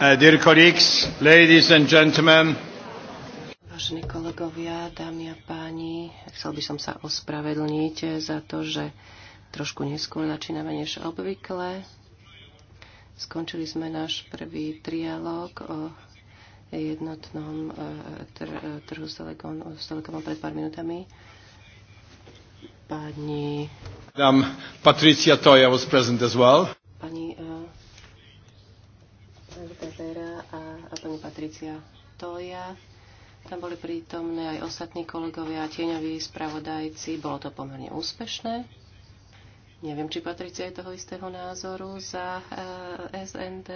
Uh, dear colleagues, ladies and gentlemen. Vážení kolegovia, dámy a páni, chcel by som sa ospravedlniť za to, že trošku neskôr začíname než obvykle. Skončili sme náš prvý trialog o jednotnom uh, tr- trhu s, telekom, telekomom pred pár minutami. Pani... Patricia Toja was present as well. Patricia Toja. Tam boli prítomné aj ostatní kolegovia a tieňoví spravodajci. Bolo to pomerne úspešné. Neviem, či Patricia je toho istého názoru za eh, SND.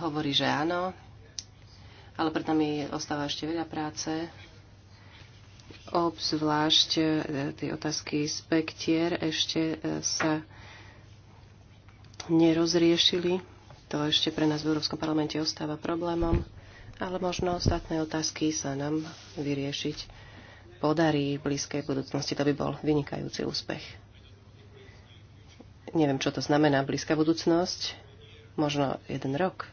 Hovorí, že áno, ale preto mi ostáva ešte veľa práce obzvlášť eh, tie otázky spektier ešte eh, sa nerozriešili. To ešte pre nás v Európskom parlamente ostáva problémom, ale možno ostatné otázky sa nám vyriešiť podarí v blízkej budúcnosti. To by bol vynikajúci úspech. Neviem, čo to znamená blízka budúcnosť. Možno jeden rok.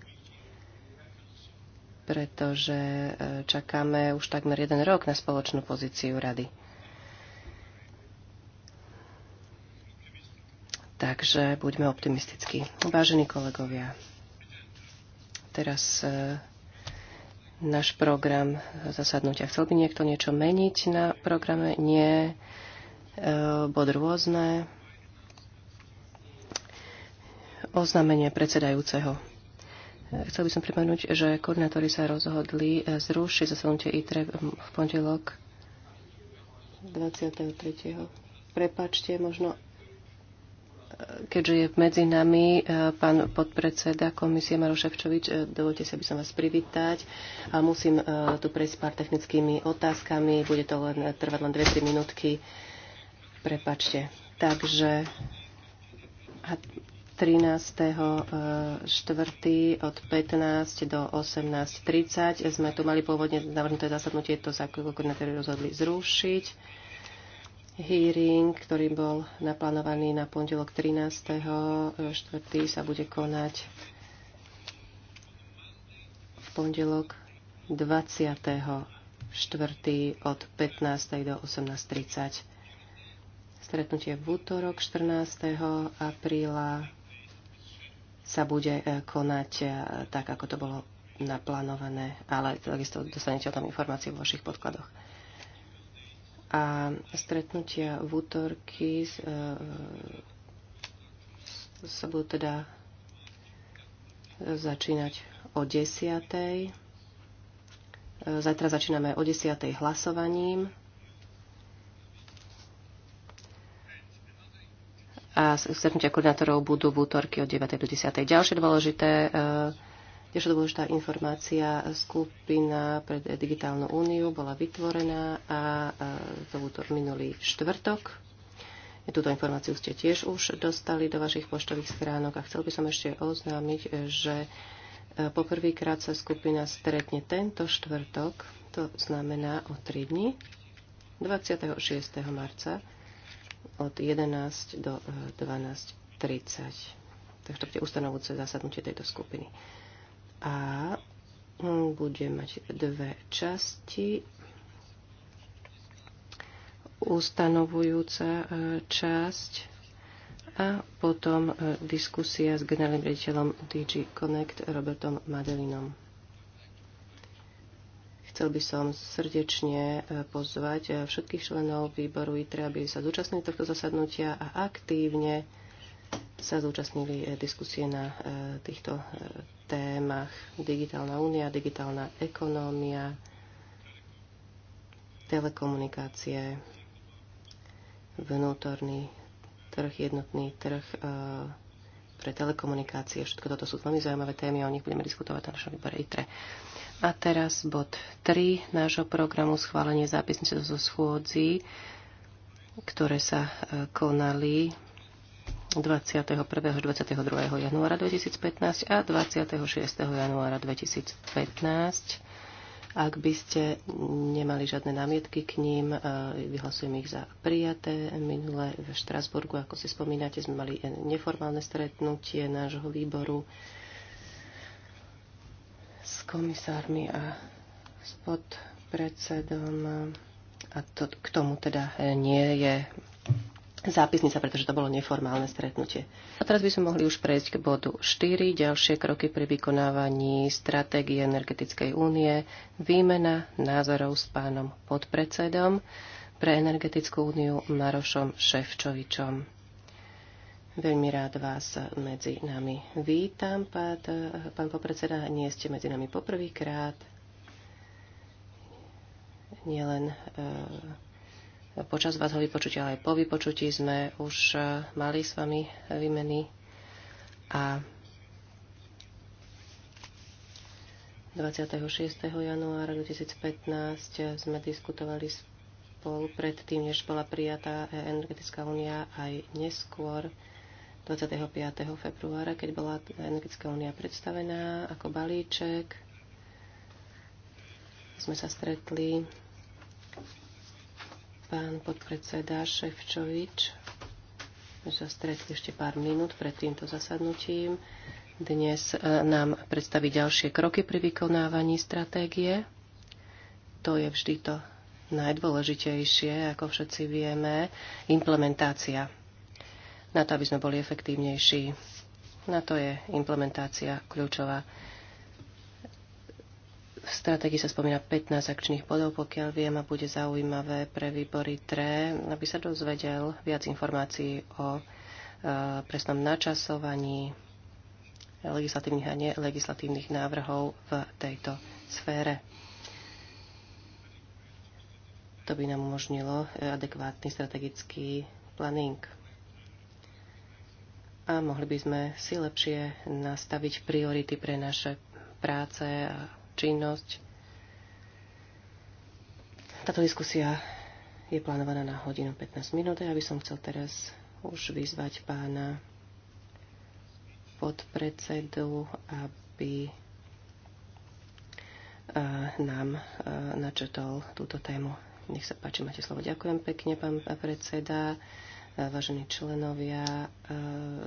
Pretože e, čakáme už takmer jeden rok na spoločnú pozíciu rady. Takže buďme optimistickí. Vážení kolegovia, teraz e, náš program zasadnutia. Chcel by niekto niečo meniť na programe? Nie. E, bod rôzne. Oznámenie predsedajúceho. E, chcel by som pripomenúť, že koordinátori sa rozhodli zrušiť zasadnutie ITRE v pondelok 23. Prepačte, možno keďže je medzi nami e, pán podpredseda komisie Maro Ševčovič, e, dovolte si, aby som vás privítať. A musím e, tu prejsť pár technickými otázkami. Bude to len, trvať len 2-3 minútky. Prepačte. Takže 13. 4. od 15. do 18.30 sme tu mali pôvodne navrhnuté zasadnutie, to sa koordinátori rozhodli zrušiť Hearing, ktorý bol naplánovaný na pondelok 13. 4. sa bude konať v pondelok 20. 4. od 15. do 18.30. Stretnutie v útorok 14. apríla sa bude e, konať e, tak, ako to bolo naplánované, ale takisto dostanete o tom informácie vo vašich podkladoch a stretnutia v útorky e, sa budú teda začínať o 10. E, zajtra začíname o 10. hlasovaním. A stretnutia koordinátorov budú v útorky od 9. do 10. Ďalšie dôležité e, Tiež dôležitá informácia, skupina pre digitálnu úniu bola vytvorená a e, to bude minulý štvrtok. E, túto informáciu ste tiež už dostali do vašich poštových stránok a chcel by som ešte oznámiť, e, že poprvýkrát sa skupina stretne tento štvrtok, to znamená o 3 dní, 26. marca od 11 do 12.30. Takže to bude ustanovujúce zasadnutie tejto skupiny. A hm, bude mať dve časti. Ustanovujúca e, časť a potom e, diskusia s generálnym riaditeľom DG Connect Robertom Madelinom. Chcel by som srdečne e, pozvať všetkých členov výboru ITRE, aby sa zúčastnili tohto zasadnutia a aktívne sa zúčastnili eh, diskusie na eh, týchto eh, témach. Digitálna únia, digitálna ekonómia, telekomunikácie, vnútorný trh, jednotný trh pre telekomunikácie. Všetko toto sú veľmi zaujímavé témy a o nich budeme diskutovať na našom výbore ITRE. A teraz bod 3 nášho programu schválenie zápisnice zo schôdzi, ktoré sa konali 21. 22. januára 2015 a 26. januára 2015. Ak by ste nemali žiadne námietky k ním, e, vyhlasujem ich za prijaté. Minule v Štrasburgu, ako si spomínate, sme mali neformálne stretnutie nášho výboru s komisármi a s podpredsedom. A to, k tomu teda nie je zápisnica, pretože to bolo neformálne stretnutie. A teraz by sme mohli už prejsť k bodu 4, ďalšie kroky pri vykonávaní stratégie energetickej únie, výmena názorov s pánom podpredsedom pre energetickú úniu Marošom Ševčovičom. Veľmi rád vás medzi nami vítam, pán, pán popredseda, nie ste medzi nami poprvýkrát. Nielen eh, Počas vášho vypočutia, ale aj po vypočutí sme už e, mali s vami výmeny a 26. januára 2015 sme diskutovali spolu predtým, než bola prijatá Energetická únia aj neskôr 25. februára, keď bola Energetická únia predstavená ako balíček. Sme sa stretli Pán podpredseda Ševčovič sa stretli ešte pár minút pred týmto zasadnutím. Dnes e, nám predstaví ďalšie kroky pri vykonávaní stratégie. To je vždy to najdôležitejšie, ako všetci vieme, implementácia. Na to, aby sme boli efektívnejší. Na to je implementácia kľúčová. V stratégii sa spomína 15 akčných bodov, pokiaľ viem, a bude zaujímavé pre výbory TRE, aby sa dozvedel viac informácií o e, presnom načasovaní legislatívnych a nelegislatívnych návrhov v tejto sfére. To by nám umožnilo e, adekvátny strategický planning. A mohli by sme si lepšie nastaviť priority pre naše práce a činnosť. Táto diskusia je plánovaná na hodinu 15 minút. Ja by som chcel teraz už vyzvať pána podpredsedu, aby e, nám e, načetol túto tému. Nech sa páči, máte slovo. Ďakujem pekne, pán predseda. Vážení členovia e,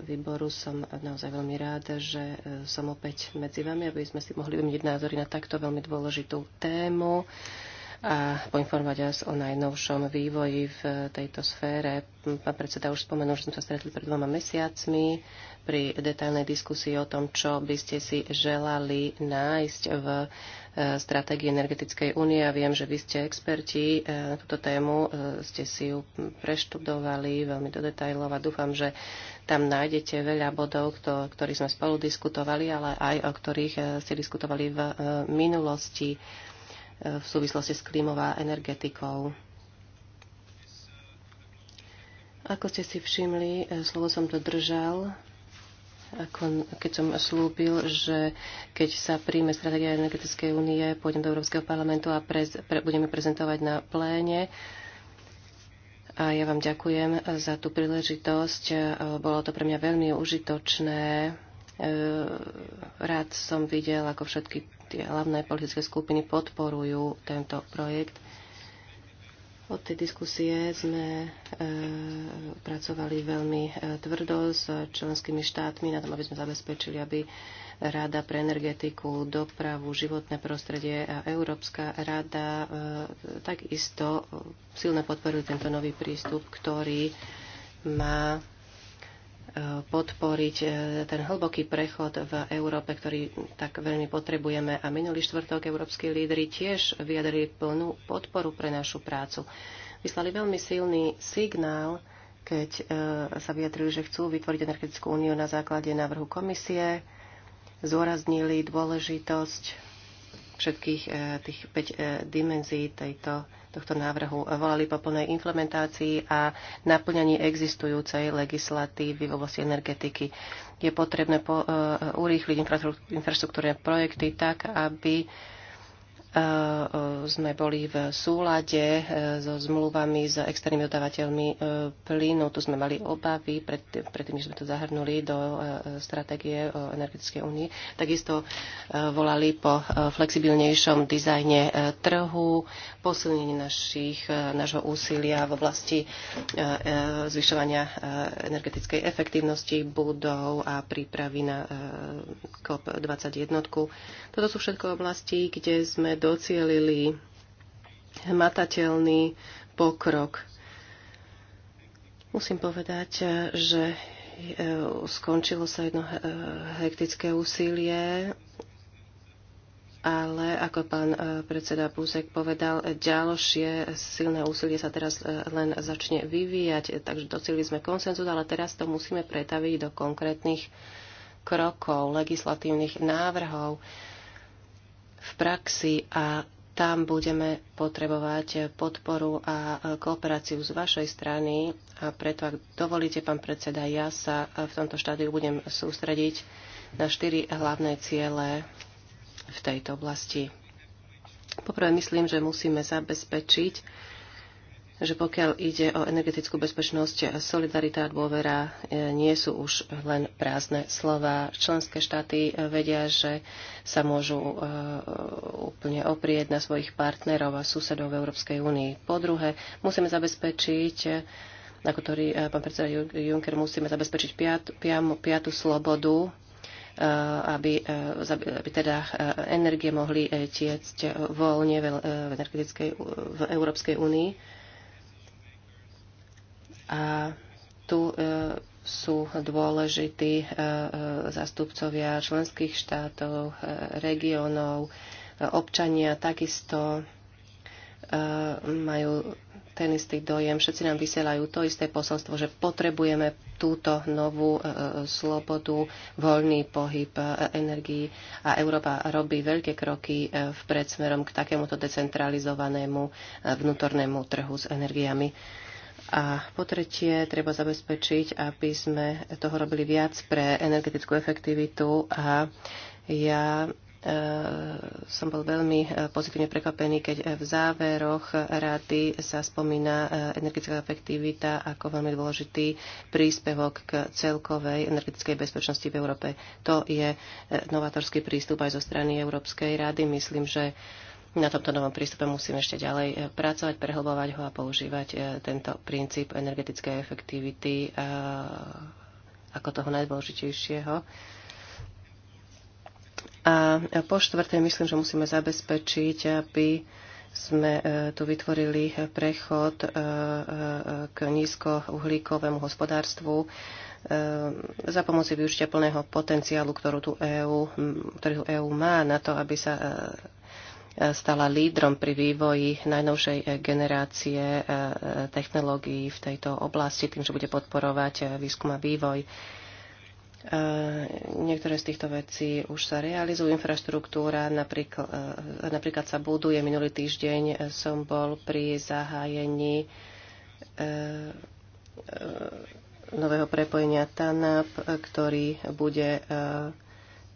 výboru, som naozaj veľmi ráda, že e, som opäť medzi vami, aby sme si mohli vymeniť názory na takto veľmi dôležitú tému a poinformovať vás o najnovšom vývoji v tejto sfére. Pán predseda už spomenul, že sme sa stretli pred dvoma mesiacmi pri detailnej diskusii o tom, čo by ste si želali nájsť v e, stratégii energetickej únie. A viem, že vy ste experti e, na túto tému, e, ste si ju preštudovali veľmi do detailov a dúfam, že tam nájdete veľa bodov, ktorých sme spolu diskutovali, ale aj o ktorých ste diskutovali v minulosti v súvislosti s klímová energetikou. Ako ste si všimli, e, slovo som dodržal, ako, keď som slúbil, že keď sa príjme stratégia energetickej únie, pôjdem do Európskeho parlamentu a prez, pre, budeme prezentovať na pléne. A ja vám ďakujem za tú príležitosť. E, bolo to pre mňa veľmi užitočné. E, rád som videl, ako všetky tie hlavné politické skupiny podporujú tento projekt. Od tej diskusie sme e, pracovali veľmi e, tvrdo s členskými štátmi na tom, aby sme zabezpečili, aby Rada pre energetiku, dopravu, životné prostredie a Európska rada e, takisto silne podporili tento nový prístup, ktorý má podporiť e, ten hlboký prechod v Európe, ktorý tak veľmi potrebujeme. A minulý štvrtok európsky lídry tiež vyjadrili plnú podporu pre našu prácu. Vyslali veľmi silný signál, keď e, sa vyjadrili, že chcú vytvoriť energetickú úniu na základe návrhu komisie, zdôraznili dôležitosť všetkých e, tých 5 e, dimenzí tejto, tohto návrhu. Volali po plnej implementácii a naplňaní existujúcej legislatívy v oblasti energetiky. Je potrebné po, e, urýchliť infraštruktúrne projekty tak, aby uh, E, e, sme boli v súlade e, so zmluvami s externými dodávateľmi plynu. Tu sme mali obavy, predtým, pred sme to zahrnuli do stratégie o energetickej únii. Takisto volali po flexibilnejšom dizajne trhu, posilnení našich, našho úsilia v oblasti zvyšovania energetickej efektívnosti budov a prípravy na COP21. Toto sú všetko oblasti, kde sme docielili hmatateľný pokrok. Musím povedať, že e, skončilo sa jedno e, hektické úsilie, ale ako pán e, predseda Púsek povedal, ďalšie silné úsilie sa teraz len začne vyvíjať, takže docelili sme konsenzus, ale teraz to musíme pretaviť do konkrétnych krokov, legislatívnych návrhov v praxi a tam budeme potrebovať podporu a kooperáciu z vašej strany a preto, ak dovolíte, pán predseda, ja sa v tomto štádiu budem sústrediť na štyri hlavné ciele v tejto oblasti. Poprvé myslím, že musíme zabezpečiť, že pokiaľ ide o energetickú bezpečnosť, solidarita a dôvera e, nie sú už len prázdne slova. Členské štáty e, vedia, že sa môžu e, úplne oprieť na svojich partnerov a susedov v Európskej únii. Po druhé, musíme zabezpečiť na ktorý pán predseda Juncker musíme zabezpečiť piat, piam, piatu slobodu aby, aby teda energie mohli tiecť voľne v, energetickej, v Európskej únii. A tu e, sú dôležití e, e, zastupcovia členských štátov, regiónov, občania takisto majú ten istý dojem. Všetci nám vysielajú to isté posolstvo, že potrebujeme túto novú slobodu, voľný pohyb energií a Európa robí veľké kroky vpred smerom k takémuto decentralizovanému vnútornému trhu s energiami. A po tretie, treba zabezpečiť, aby sme toho robili viac pre energetickú efektivitu a ja e, som bol veľmi e, pozitívne prekvapený, keď v záveroch rady sa spomína e, energetická efektivita ako veľmi dôležitý príspevok k celkovej energetickej bezpečnosti v Európe. To je novatorský prístup aj zo strany Európskej rady. Myslím, že na tomto novom prístupe musíme ešte ďalej e, pracovať, prehlbovať ho a používať e, tento princíp energetickej efektivity e, ako toho najdôležitejšieho. A po štvrté, myslím, že musíme zabezpečiť, aby sme tu vytvorili prechod k nízkouhlíkovému hospodárstvu za pomoci využitia plného potenciálu, ktorú tu EU, ktorý tu EU má na to, aby sa stala lídrom pri vývoji najnovšej eh, generácie eh, eh, technológií v tejto oblasti, tým, že bude podporovať výskum a vývoj. Niektoré z týchto vecí už sa realizujú. Infraštruktúra napríklad, napríklad sa buduje. Minulý týždeň som bol pri zahájení nového prepojenia TANAP, ktorý bude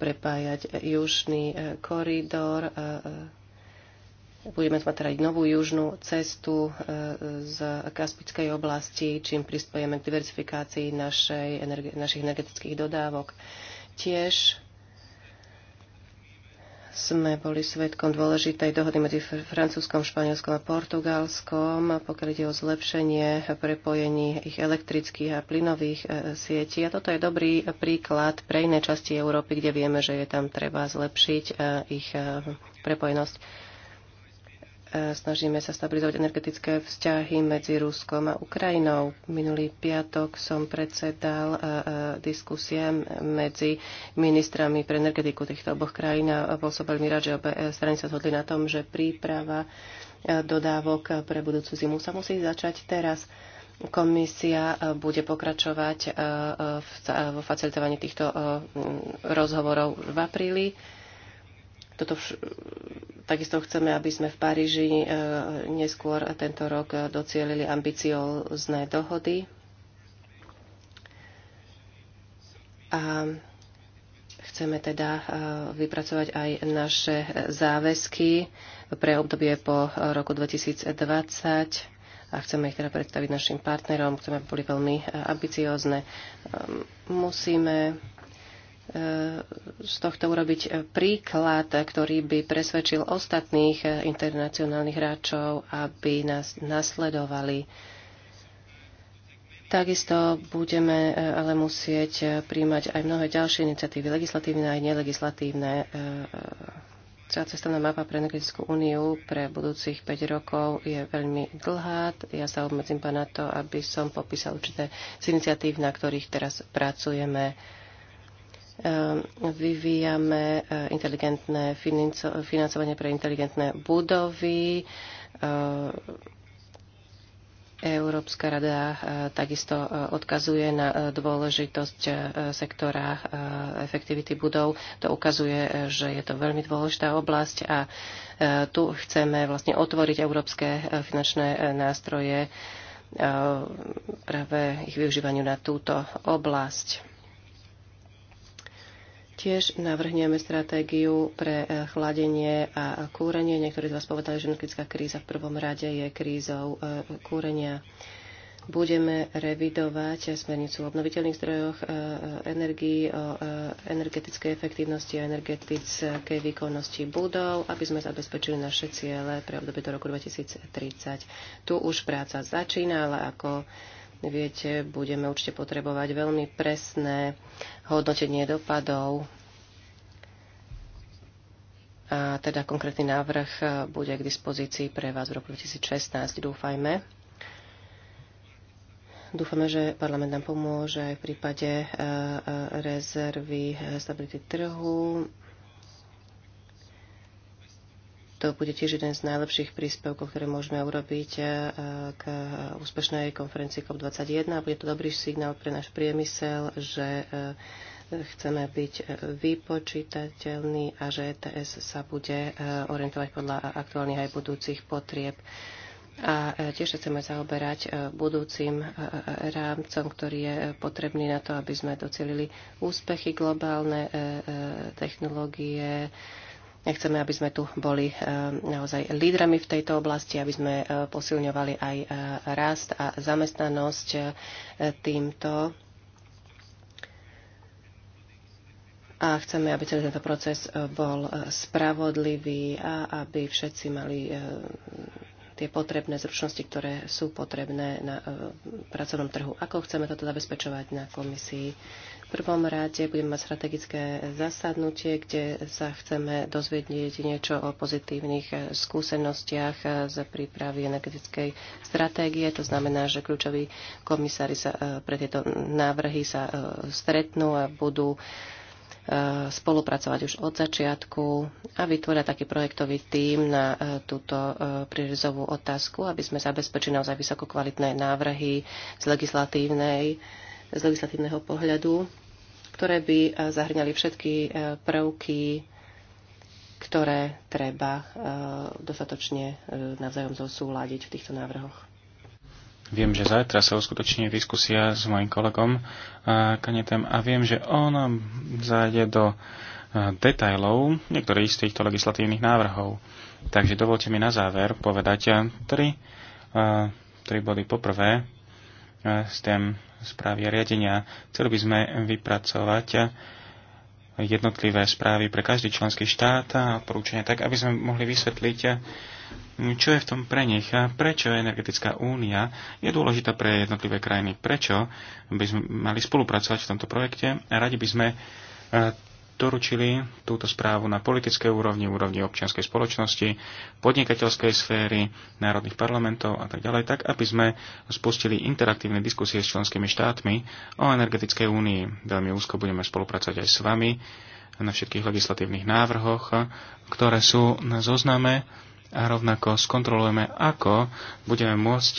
prepájať južný koridor Budeme mať teda novú južnú cestu e, z Kaspickej oblasti, čím prispojeme k diversifikácii našej, našich energetických dodávok. Tiež sme boli svetkom dôležitej dohody medzi Francúzskom, Španielskom a Portugalskom, pokiaľ ide o zlepšenie prepojení ich elektrických a plynových e, sietí. A toto je dobrý príklad pre iné časti Európy, kde vieme, že je tam treba zlepšiť e, ich prepojenosť. E, snažíme sa stabilizovať energetické vzťahy medzi Ruskom a Ukrajinou. Minulý piatok som predsedal e, e, diskusie medzi ministrami pre energetiku týchto oboch krajín a bol som veľmi rád, že obe strany sa zhodli na tom, že príprava dodávok pre budúcu zimu sa musí začať teraz. Komisia bude pokračovať vo facilitovaní týchto rozhovorov v apríli toto vš- takisto chceme, aby sme v Paríži e, neskôr tento rok e, docielili ambiciózne dohody. A chceme teda e, vypracovať aj naše záväzky pre obdobie po roku 2020 a chceme ich teda predstaviť našim partnerom, chceme, aby boli veľmi e, ambiciozne. Ehm, musíme z tohto urobiť príklad, ktorý by presvedčil ostatných internacionálnych hráčov, aby nás nasledovali. Takisto budeme e, ale musieť e, príjmať aj mnohé ďalšie iniciatívy, legislatívne aj nelegislatívne. E, celá cestovná mapa pre energetickú úniu pre budúcich 5 rokov je veľmi dlhá. Ja sa obmedzím pána to, aby som popísal určité z iniciatív, na ktorých teraz pracujeme Ehm, vyvíjame eh, inteligentné financovanie pre inteligentné budovy. Ehm, Európska rada eh, takisto eh, odkazuje na dôležitosť sektora efektivity budov. To ukazuje, že je to veľmi dôležitá oblasť a tu chceme vlastne otvoriť európske finančné nástroje práve ich využívaniu na túto oblasť. Tiež navrhneme stratégiu pre e, chladenie a kúrenie. Niektorí z vás povedali, že energetická kríza v prvom rade je krízou e, kúrenia. Budeme revidovať e, smernicu o obnoviteľných zdrojoch energií, o energetickej efektívnosti a energetickej výkonnosti budov, aby sme zabezpečili naše ciele pre obdobie do roku 2030. Tu už práca začína, ale ako viete, budeme určite potrebovať veľmi presné hodnotenie dopadov. A teda konkrétny návrh e, bude k dispozícii pre vás v roku 2016, dúfajme. Dúfame, že parlament nám pomôže aj v prípade e, e, rezervy stability trhu to bude tiež jeden z najlepších príspevkov, ktoré môžeme urobiť e, k úspešnej konferencii COP21. Bude to dobrý signál pre náš priemysel, že e, chceme byť vypočítateľní a že ETS sa bude e, orientovať podľa aktuálnych aj budúcich potrieb. A tiež sa chceme zaoberať budúcim rámcom, ktorý je potrebný na to, aby sme docelili úspechy globálne technológie, Nechceme, aby sme tu boli eh, naozaj lídrami v tejto oblasti, aby sme eh, posilňovali aj eh, rast a zamestnanosť týmto. A chceme, aby celý tento proces bol spravodlivý a aby všetci mali tie potrebné zručnosti, ktoré sú potrebné na pracovnom trhu. Ako chceme toto zabezpečovať na komisii? prvom rade budeme mať strategické zasadnutie, kde sa chceme dozvedieť niečo o pozitívnych skúsenostiach z prípravy energetickej stratégie. To znamená, že kľúčoví komisári sa e, pre tieto návrhy sa e, stretnú a budú e, spolupracovať už od začiatku a vytvoria taký projektový tím na túto prírezovú otázku, aby sme zabezpečili naozaj vysokokvalitné návrhy z legislatívnej z legislatívneho pohľadu ktoré by e, zahrňali všetky e, prvky, ktoré treba e, dostatočne navzájom zosúľadiť v týchto návrhoch. Viem, že zajtra sa uskutoční diskusia s mojim kolegom Kanetem a viem, že on zájde do detajlov niektorých z týchto legislatívnych návrhov. Takže dovolte mi na záver povedať tri, tri body. Poprvé, s tým správy a riadenia. Chceli by sme vypracovať jednotlivé správy pre každý členský štát a porúčania tak, aby sme mohli vysvetliť, čo je v tom pre nich, prečo energetická únia je dôležitá pre jednotlivé krajiny, prečo by sme mali spolupracovať v tomto projekte a radi by sme eh, doručili túto správu na politickej úrovni, úrovni občianskej spoločnosti, podnikateľskej sféry, národných parlamentov a tak ďalej, tak aby sme spustili interaktívne diskusie s členskými štátmi o energetickej únii. Veľmi úzko budeme spolupracovať aj s vami na všetkých legislatívnych návrhoch, ktoré sú na zozname a rovnako skontrolujeme, ako budeme môcť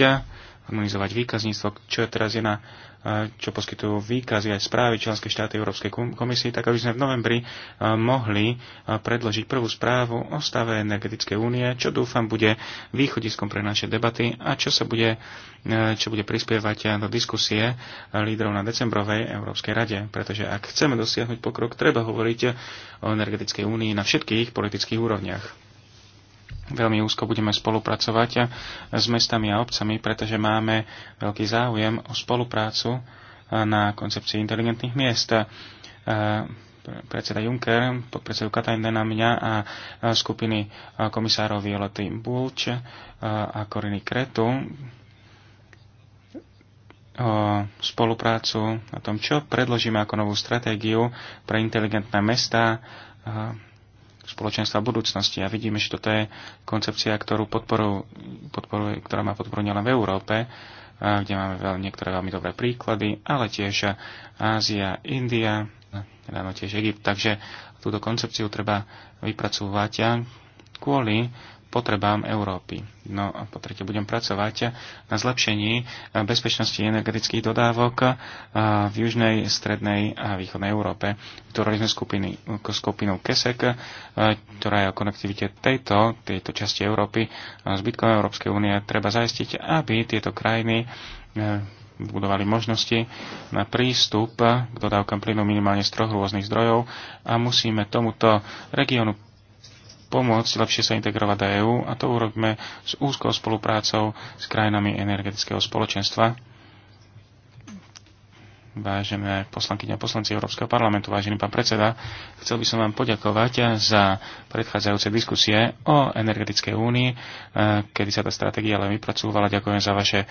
harmonizovať výkazníctvo, čo teraz je na, e, čo poskytujú výkazy aj správy členské štáty Európskej komisie, tak aby sme v novembri e, mohli e, predložiť prvú správu o stave energetickej únie, čo dúfam bude východiskom pre naše debaty a čo sa bude, čo bude prispievať do diskusie lídrov na decembrovej Európskej rade. Pretože ak chceme dosiahnuť pokrok, treba hovoriť o energetickej únii na všetkých politických úrovniach veľmi úzko budeme spolupracovať s mestami a obcami, pretože máme veľký záujem o spoluprácu e, na koncepcii inteligentných miest. E, predseda Juncker, podpredsedu na mňa a skupiny e, komisárov Violety Bulč a Koriny Kretu o spoluprácu na tom, čo predložíme ako novú stratégiu pre inteligentné mesta spoločenstva budúcnosti. A vidíme, že toto je koncepcia, ktorú podporu, podporu, ktorá má podporu nielen v Európe, kde máme veľ, niektoré veľmi dobré príklady, ale tiež Ázia, India, nedávno tiež Egypt. Takže túto koncepciu treba vypracúvať kvôli potrebám Európy. No a po tretie budem pracovať na zlepšení eh, bezpečnosti energetických dodávok eh, v južnej, strednej a východnej Európe. Vytvorili sme skupiny, eh, skupinu KESEK, ktorá je o konektivite tejto, tejto časti Európy. Zbytkom Európskej únie treba zaistiť, aby tieto krajiny budovali možnosti na prístup k dodávkam plynu minimálne z troch rôznych zdrojov a musíme tomuto regiónu pomôcť lepšie sa integrovať do EÚ a to urobíme s úzkou spoluprácou s krajinami energetického spoločenstva. Vážené poslankyne a poslanci Európskeho parlamentu, vážený pán predseda, chcel by som vám poďakovať za predchádzajúce diskusie o energetickej únii, eh, kedy sa tá stratégia len vypracúvala. Ďakujem za, vaše,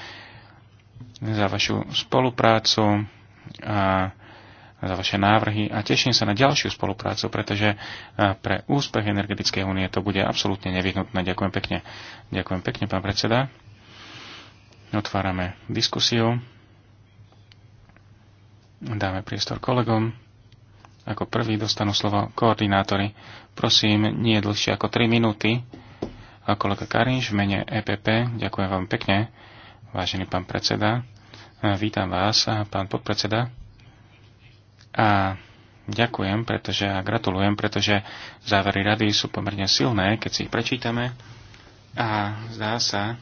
za vašu spoluprácu a za vaše návrhy a teším sa na ďalšiu spoluprácu, pretože e, pre úspech Energetickej únie to bude absolútne nevyhnutné. Ďakujem pekne. Ďakujem pekne, pán predseda. Otvárame diskusiu. Dáme priestor kolegom. Ako prvý dostanú slovo koordinátori. Prosím, nie dlhšie ako 3 minúty. A kolega Karinš v mene EPP, ďakujem vám pekne, vážený pán predseda. E, vítam vás, e, pán podpredseda a ďakujem pretože, a gratulujem, pretože závery rady sú pomerne silné, keď si ich prečítame. A zdá sa,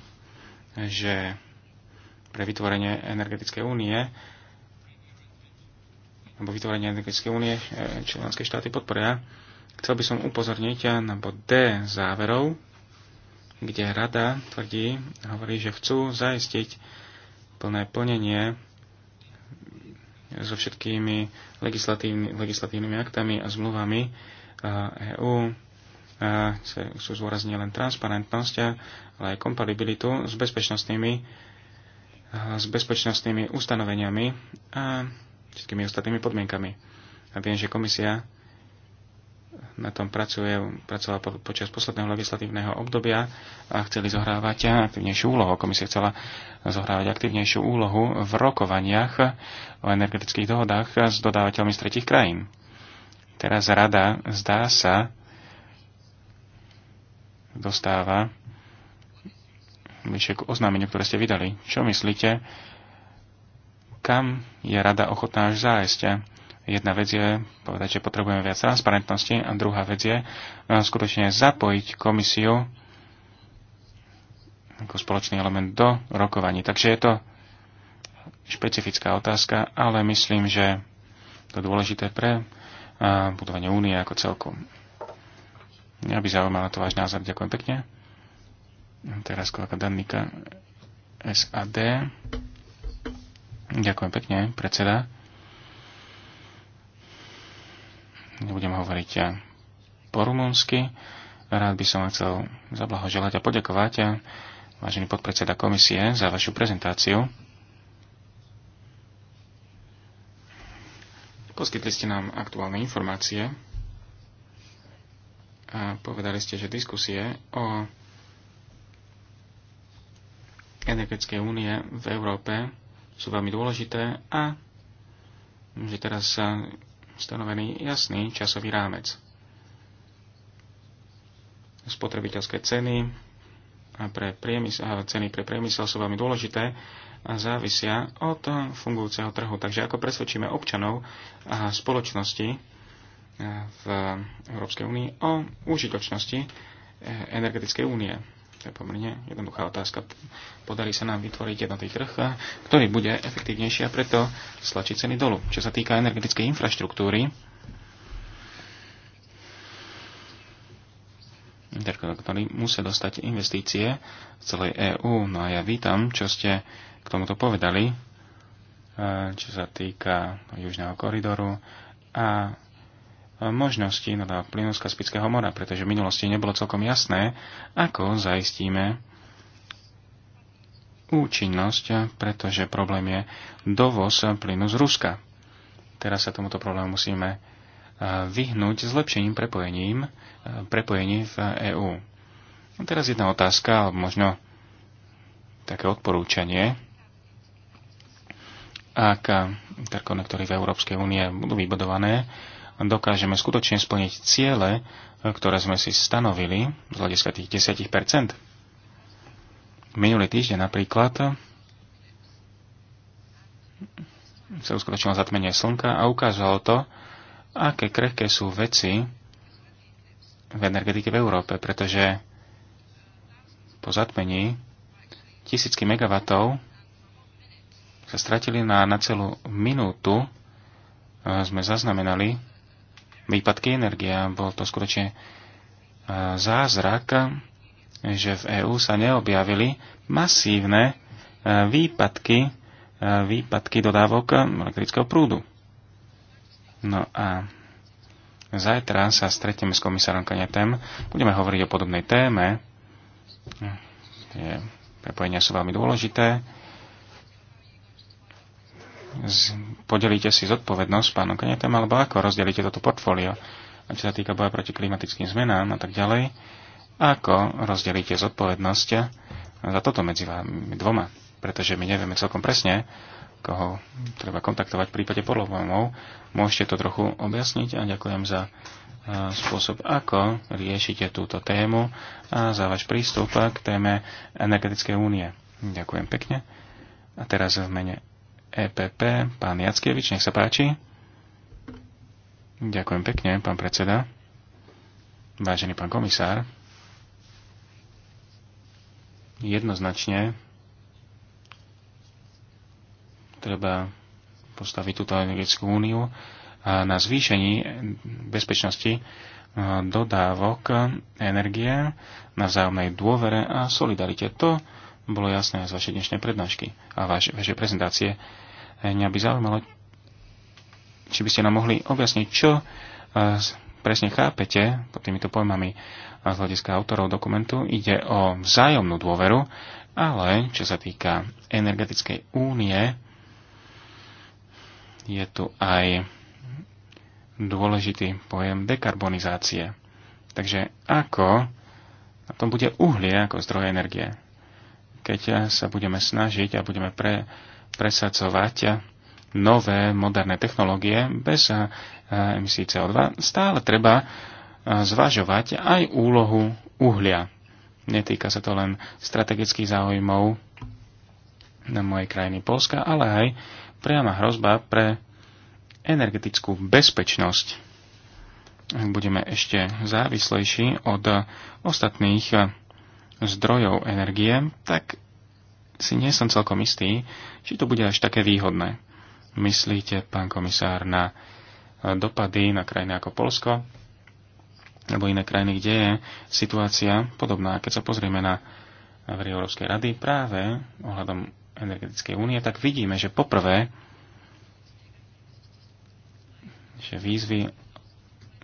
že pre vytvorenie energetickej únie alebo vytvorenie energetickej únie e, členské štáty podporia. Chcel by som upozorniť na bod D záverov, kde rada tvrdí, hovorí, že chcú zaistiť plné plnenie so všetkými legislatívny, legislatívnymi aktami a zmluvami EÚ sú zúrazní len transparentnosť, ale aj kompatibilitu s bezpečnostnými, s bezpečnostnými ustanoveniami a všetkými ostatnými podmienkami. A viem, že komisia na tom pracuje, pracovala po, počas posledného legislatívneho obdobia a chceli zohrávať aktívnejšiu úlohu. Komisia chcela zohrávať aktívnejšiu úlohu v rokovaniach o energetických dohodách s dodávateľmi z tretich krajín. Teraz rada, zdá sa, dostáva bližšie k oznámeniu, ktoré ste vydali. Čo myslíte, kam je rada ochotná až zájsť? Jedna vec je povedať, že potrebujeme viac transparentnosti a druhá vec je eh, skutočne zapojiť komisiu ako spoločný element do rokovaní. Takže je to špecifická otázka, ale myslím, že to je dôležité pre eh, budovanie únie ako celku. Ja by zaujímalo to váš názor. Ďakujem pekne. Teraz kolega Danika SAD. Ďakujem pekne, predseda. nebudem hovoriť eh, po rumúnsky. Rád by som vám chcel zablahoželať a poďakovať, a eh, vážený podpredseda komisie, za vašu prezentáciu. Poskytli ste nám aktuálne informácie a povedali ste, že diskusie o energetickej únie v Európe sú veľmi dôležité a že teraz sa eh, stanovený jasný časový rámec. Spotrebiteľské ceny a pre priemysel, ceny pre priemysel sú veľmi dôležité a závisia od fungujúceho trhu. Takže ako presvedčíme občanov a spoločnosti eh, v Európskej únii o užitočnosti eh, energetickej únie. To je pomerne jednoduchá otázka. Podarí sa nám vytvoriť jednotný trh, ktorý bude efektívnejší a preto stlačiť ceny dolu. Čo sa týka energetickej infraštruktúry, ktorý musia dostať investície z celej EÚ. No a ja vítam, čo ste k tomuto povedali, eh, čo sa týka južného koridoru a možnosti na no plynu z Kaspického mora, pretože v minulosti nebolo celkom jasné, ako zaistíme účinnosť, pretože problém je dovoz plynu z Ruska. Teraz sa tomuto problému musíme e, vyhnúť zlepšením prepojením, e, prepojení v EÚ. Teraz jedna otázka, alebo možno také odporúčanie. Ak interkonektory v Európskej únie budú vybudované, dokážeme skutočne splniť ciele, ktoré sme si stanovili z hľadiska tých 10%. Minulý týždeň napríklad sa uskutočnilo zatmenie slnka a ukázalo to, aké krehké sú veci v energetike v Európe, pretože po zatmení tisícky megawatov sa stratili na, na celú minútu, e, sme zaznamenali výpadky energie. Bol to skutočne e, zázrak, že v EÚ sa neobjavili masívne e, výpadky, e, výpadky dodávok elektrického prúdu. No a zajtra sa stretneme s komisárom Kanetem. Budeme hovoriť o podobnej téme. prepojenia sú veľmi dôležité podelíte si zodpovednosť s pánom Knetem, alebo ako rozdelíte toto portfólio, a čo sa týka boja proti klimatickým zmenám a tak ďalej, ako rozdelíte zodpovednosť za toto medzi vami dvoma, pretože my nevieme celkom presne, koho treba kontaktovať v prípade problémov. Môžete to trochu objasniť a ďakujem za e, spôsob, ako riešite túto tému a za váš prístup k téme energetickej únie. Ďakujem pekne. A teraz v mene EPP, pán Jackievič, nech sa páči. Ďakujem pekne, pán predseda. Vážený pán komisár, jednoznačne treba postaviť túto energetickú úniu na zvýšení bezpečnosti e, dodávok energie na vzájomnej dôvere a solidarite. To bolo jasné z vašej dnešnej prednášky a vaš, vašej prezentácie. E, mňa by zaujímalo, či by ste nám mohli objasniť, čo e, presne chápete pod týmito pojmami e, z hľadiska autorov dokumentu. Ide o vzájomnú dôveru, ale čo sa týka energetickej únie, je tu aj dôležitý pojem dekarbonizácie. Takže ako na tom bude uhlie ako zdroj energie? keď sa budeme snažiť a budeme pre, presadzovať nové moderné technológie bez eh, emisí CO2, stále treba eh, zvažovať aj úlohu uhlia. Netýka sa to len strategických záujmov na mojej krajiny Polska, ale aj priama hrozba pre energetickú bezpečnosť. Budeme ešte závislejší od ostatných eh, zdrojov energie, tak si nie som celkom istý, či to bude až také výhodné. Myslíte, pán komisár, na e, dopady na krajiny ako Polsko alebo iné krajiny, kde je situácia podobná. Keď sa pozrieme na vrie Európskej rady práve ohľadom energetickej únie, tak vidíme, že poprvé, že výzvy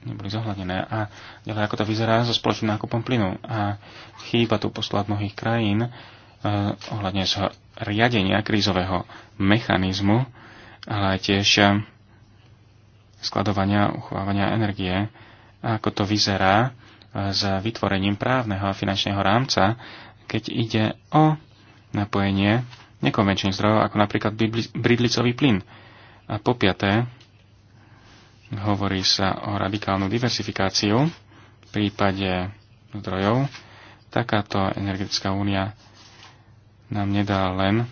neboli zohľadené. A ďalej, ako to vyzerá so spoločným nákupom plynu. A chýba tu poslať mnohých krajín eh, ohľadne z riadenia krízového mechanizmu, ale aj tiež e, skladovania, uchovávania energie. A ako to vyzerá e, s vytvorením právneho a finančného rámca, keď ide o napojenie nekonvenčných zdrojov, ako napríklad bridlicový plyn. A po piaté, Hovorí sa o radikálnu diversifikáciu v prípade zdrojov. Takáto energetická únia nám nedá len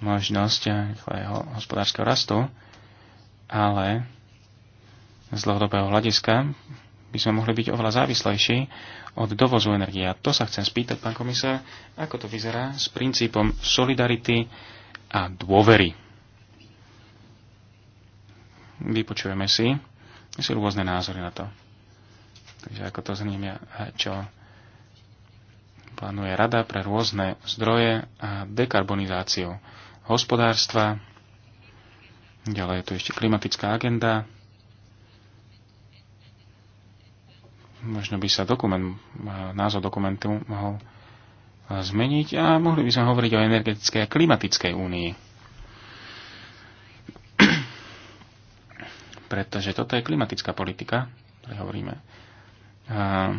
možnosť rýchleho hospodárskeho rastu, ale z dlhodobého hľadiska by sme mohli byť oveľa závislejší od dovozu energie. A to sa chcem spýtať, pán komisár, ako to vyzerá s princípom solidarity a dôvery vypočujeme si, sú rôzne názory na to. Takže ako to zníme, čo plánuje Rada pre rôzne zdroje a dekarbonizáciu hospodárstva. Ďalej je tu ešte klimatická agenda. Možno by sa dokument, názov dokumentu mohol zmeniť a mohli by sme hovoriť o energetickej a klimatickej únii. pretože toto je klimatická politika, ktorej hovoríme. A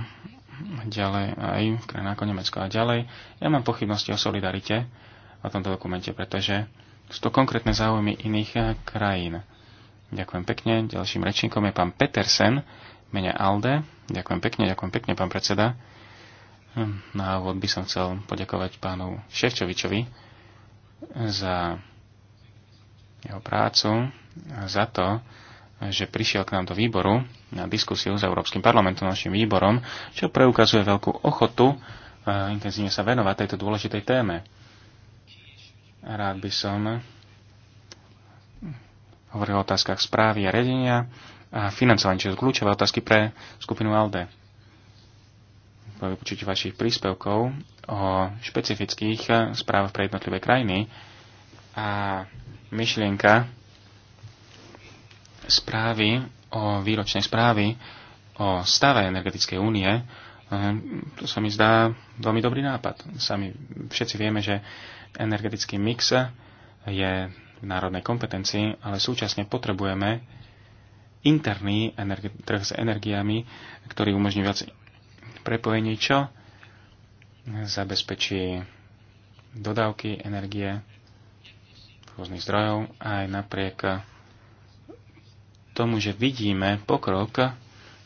ďalej, aj v krajinách ako Nemecko a ďalej. Ja mám pochybnosti o solidarite o tomto dokumente, pretože sú to konkrétne záujmy iných eh, krajín. Ďakujem pekne. Ďalším rečníkom je pán Petersen, mene Alde. Ďakujem pekne, ďakujem pekne, pán predseda. Hm, na úvod by som chcel poďakovať pánu Ševčovičovi za jeho prácu a za to, že prišiel k nám do výboru na diskusiu s Európskym parlamentom, našim výborom, čo preukazuje veľkú ochotu e, intenzívne sa venovať tejto dôležitej téme. Rád by som hovoril o otázkach správy a redenia a financovania, čiže kľúčové otázky pre skupinu ALDE. Po vypočutí vašich príspevkov o špecifických správach pre jednotlivé krajiny a myšlienka správy o výročnej správy o stave energetickej únie, eh, to sa mi zdá veľmi dobrý nápad. Sami všetci vieme, že energetický mix je v národnej kompetencii, ale súčasne potrebujeme interný trh s energiami, ktorý umožní viac prepojení, čo zabezpečí dodávky energie rôznych zdrojov aj napriek tomu, že vidíme pokrok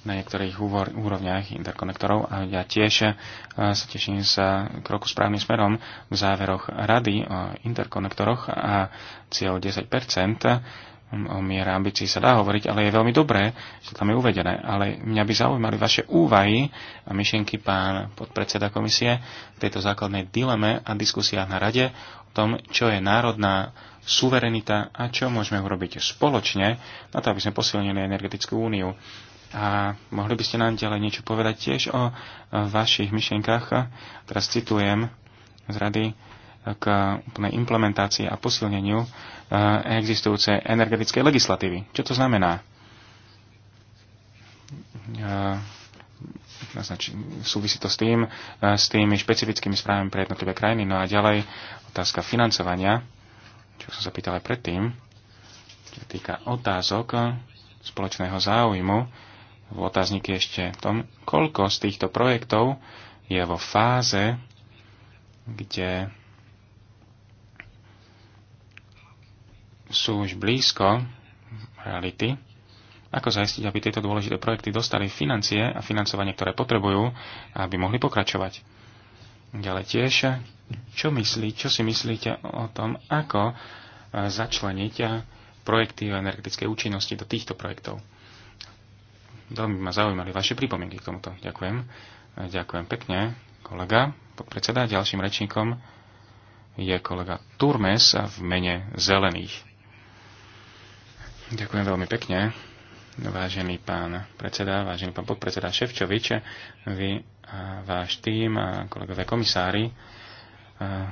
na niektorých úrovniach interkonektorov a ja tiež e, sa teším sa kroku správnym smerom v záveroch rady o interkonektoroch a cieľ 10 o miere ambícií sa dá hovoriť, ale je veľmi dobré, že tam je uvedené. Ale mňa by zaujímali vaše úvahy a myšlienky pán podpredseda komisie v tejto základnej dileme a diskusiách na rade o tom, čo je národná suverenita a čo môžeme urobiť spoločne na to, aby sme posilnili energetickú úniu. A mohli by ste nám ďalej niečo povedať tiež o vašich myšlienkách. Teraz citujem z rady e, k úplnej implementácii a posilneniu e, existujúcej energetickej legislatívy. Čo to znamená? E, súvisí to s tým, s tými špecifickými správami pre jednotlivé krajiny. No a ďalej otázka financovania čo som sa pýtal aj predtým, čo týka otázok spoločného záujmu, v otázniku ešte v tom, koľko z týchto projektov je vo fáze, kde sú už blízko reality, ako zaistiť, aby tieto dôležité projekty dostali financie a financovanie, ktoré potrebujú, aby mohli pokračovať. Ďalej tiež čo, myslí, čo si myslíte o tom, ako e, začleniť e, projekty energetickej účinnosti do týchto projektov. Veľmi ma zaujímali vaše pripomienky k tomuto. Ďakujem. E, ďakujem pekne, kolega, podpredseda. Ďalším rečníkom je kolega Turmes v mene Zelených. Ďakujem veľmi pekne, vážený pán predseda, vážený pán podpredseda Ševčoviče, vy a váš tým a kolegové komisári Eh,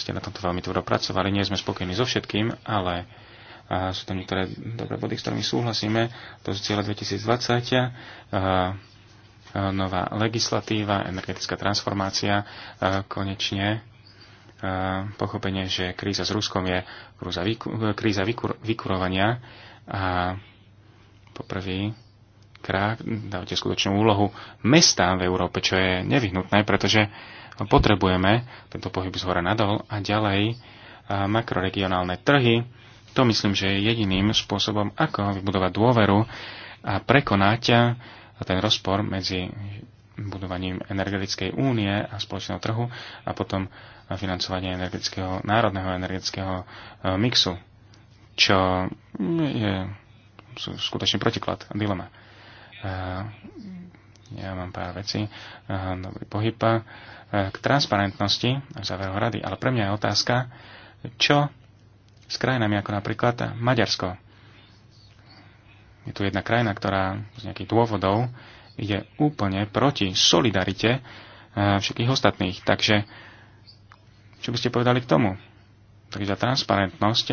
ste na tomto veľmi tvrdo pracovali, nie sme spokojní so všetkým, ale eh, sú tam niektoré dobré body, s ktorými súhlasíme. To sú cieľe 2020, eh, nová legislatíva, energetická transformácia, konečne pochopenie, že kríza s Ruskom je kríza, vykurovania a poprvé krák, dávate skutočnú úlohu mestám v Európe, čo je nevyhnutné, pretože potrebujeme tento pohyb z hora nadol a ďalej a makroregionálne trhy. To myslím, že je jediným spôsobom, ako vybudovať dôveru a prekonať ten rozpor medzi budovaním energetickej únie a spoločného trhu a potom financovanie energetického, národného energetického e, mixu, čo je skutočný protiklad, dilema. Eh, ja mám pár vecí, eh, dobrý pohyb, eh, k transparentnosti v záveru rady, ale pre mňa je otázka, čo s krajinami ako napríklad Maďarsko. Je tu jedna krajina, ktorá z nejakých dôvodov ide úplne proti solidarite všetkých ostatných. Takže čo by ste povedali k tomu? Takže za transparentnosť,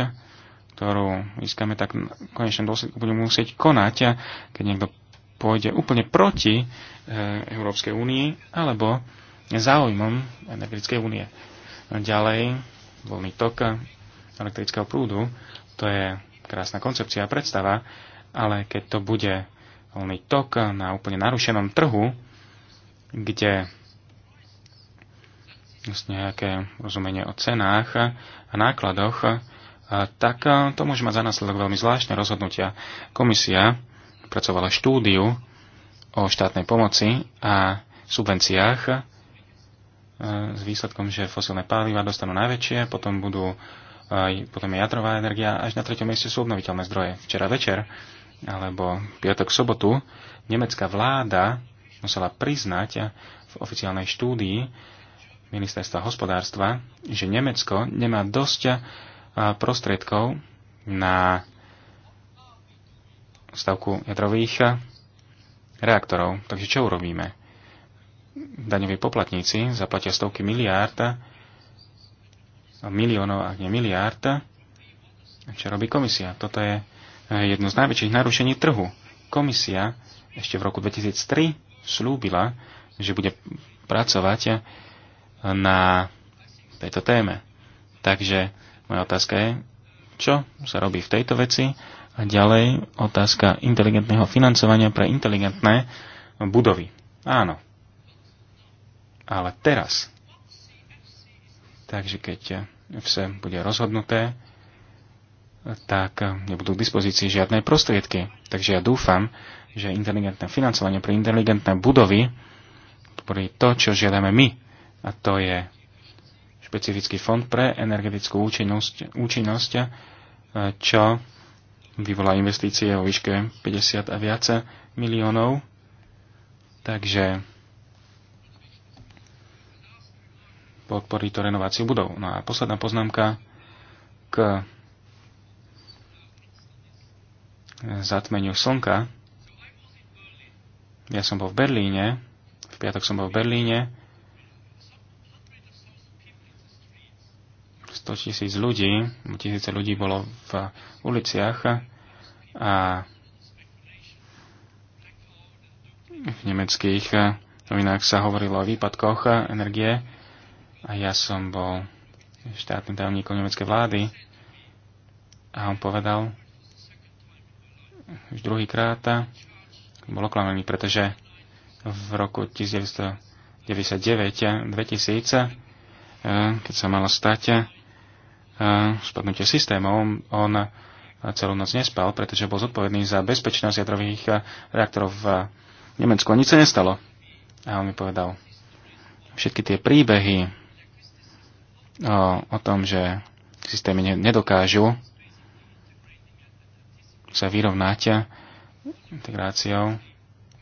ktorú získame, tak konečne dôsledku budeme musieť konať, keď niekto pôjde úplne proti e, Európskej únii alebo záujmom energetickej únie. No ďalej, voľný tok elektrického prúdu, to je krásna koncepcia a predstava, ale keď to bude voľný tok na úplne narušenom trhu, kde vlastne nejaké rozumenie o cenách a nákladoch, tak to môže mať za následok veľmi zvláštne rozhodnutia. Komisia pracovala štúdiu o štátnej pomoci a subvenciách e, s výsledkom, že fosilné páliva dostanú najväčšie, potom budú e, potom je jadrová energia, až na treťom mieste sú obnoviteľné zdroje. Včera večer, alebo piatok sobotu, nemecká vláda musela priznať v oficiálnej štúdii ministerstva hospodárstva, že Nemecko nemá dosť e, prostriedkov na stavku jadrových eh, reaktorov. Takže čo urobíme? Daňoví poplatníci zaplatia stovky miliárd, eh, miliónov, ak nie miliárd. Čo robí komisia? Toto je eh, jedno z najväčších narušení trhu. Komisia ešte v roku 2003 slúbila, že bude pracovať na tejto téme. Takže moja otázka je, čo sa robí v tejto veci a ďalej otázka inteligentného financovania pre inteligentné budovy. Áno. Ale teraz. Takže keď vse bude rozhodnuté, tak nebudú k dispozícii žiadne prostriedky. Takže ja dúfam, že inteligentné financovanie pre inteligentné budovy pri to, čo žiadame my. A to je špecifický fond pre energetickú účinnosť, účinnosť čo vyvolá investície o výške 50 a viac miliónov. Takže podporí to renováciu budov. No a posledná poznámka k zatmeniu slnka. Ja som bol v Berlíne, v piatok som bol v Berlíne 100 tisíc ľudí, tisíce ľudí bolo v uliciach a v nemeckých novinách sa hovorilo o výpadkoch energie a ja som bol štátnym tajomníkom nemeckej vlády a on povedal už druhýkrát bol oklamený, pretože v roku 1999-2000, eh, keď sa malo stať Eh, spadnutie systémov. On celú noc nespal, pretože bol zodpovedný za bezpečnosť jadrových eh, reaktorov v Nemecku. nic nič sa nestalo. A on mi povedal, všetky tie príbehy o, o tom, že systémy nedokážu sa vyrovnať integráciou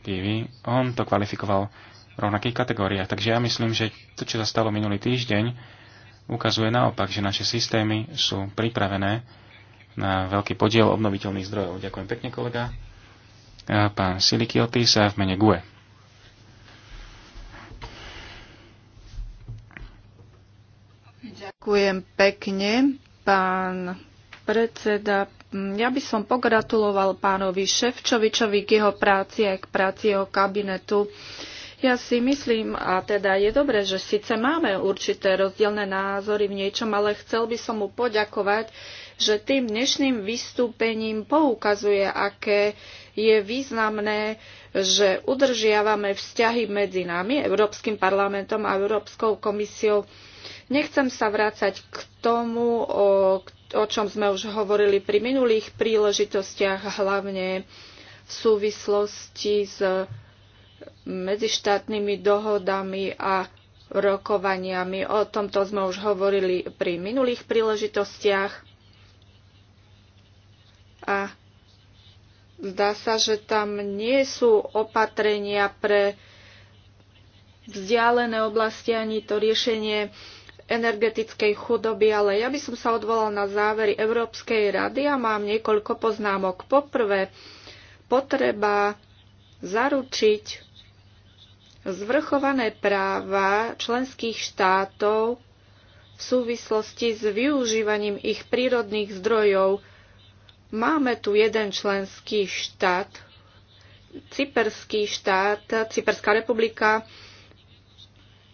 PV, on to kvalifikoval v rovnakých kategóriách. Takže ja myslím, že to, čo sa stalo minulý týždeň, ukazuje naopak, že naše systémy sú pripravené na veľký podiel obnoviteľných zdrojov. Ďakujem pekne, kolega. Pán Silikioty sa v mene GUE. Ďakujem pekne, pán predseda. Ja by som pogratuloval pánovi Ševčovičovi k jeho práci a k práci jeho kabinetu. Uh, ja si myslím, a teda je dobré, že síce máme určité rozdielne názory v niečom, ale chcel by som mu poďakovať, že tým dnešným vystúpením poukazuje, aké je významné, že udržiavame vzťahy medzi nami, Európskym parlamentom a Európskou komisiou. Nechcem sa vrácať k tomu, o, o čom sme už hovorili pri minulých príležitostiach, hlavne v súvislosti s medzištátnymi dohodami a rokovaniami. O tomto sme už hovorili pri minulých príležitostiach. A zdá sa, že tam nie sú opatrenia pre vzdialené oblasti ani to riešenie energetickej chudoby, ale ja by som sa odvolal na závery Európskej rady a mám niekoľko poznámok. Poprvé, potreba zaručiť zvrchované práva členských štátov v súvislosti s využívaním ich prírodných zdrojov. Máme tu jeden členský štát, Cyperský štát, Cyperská republika,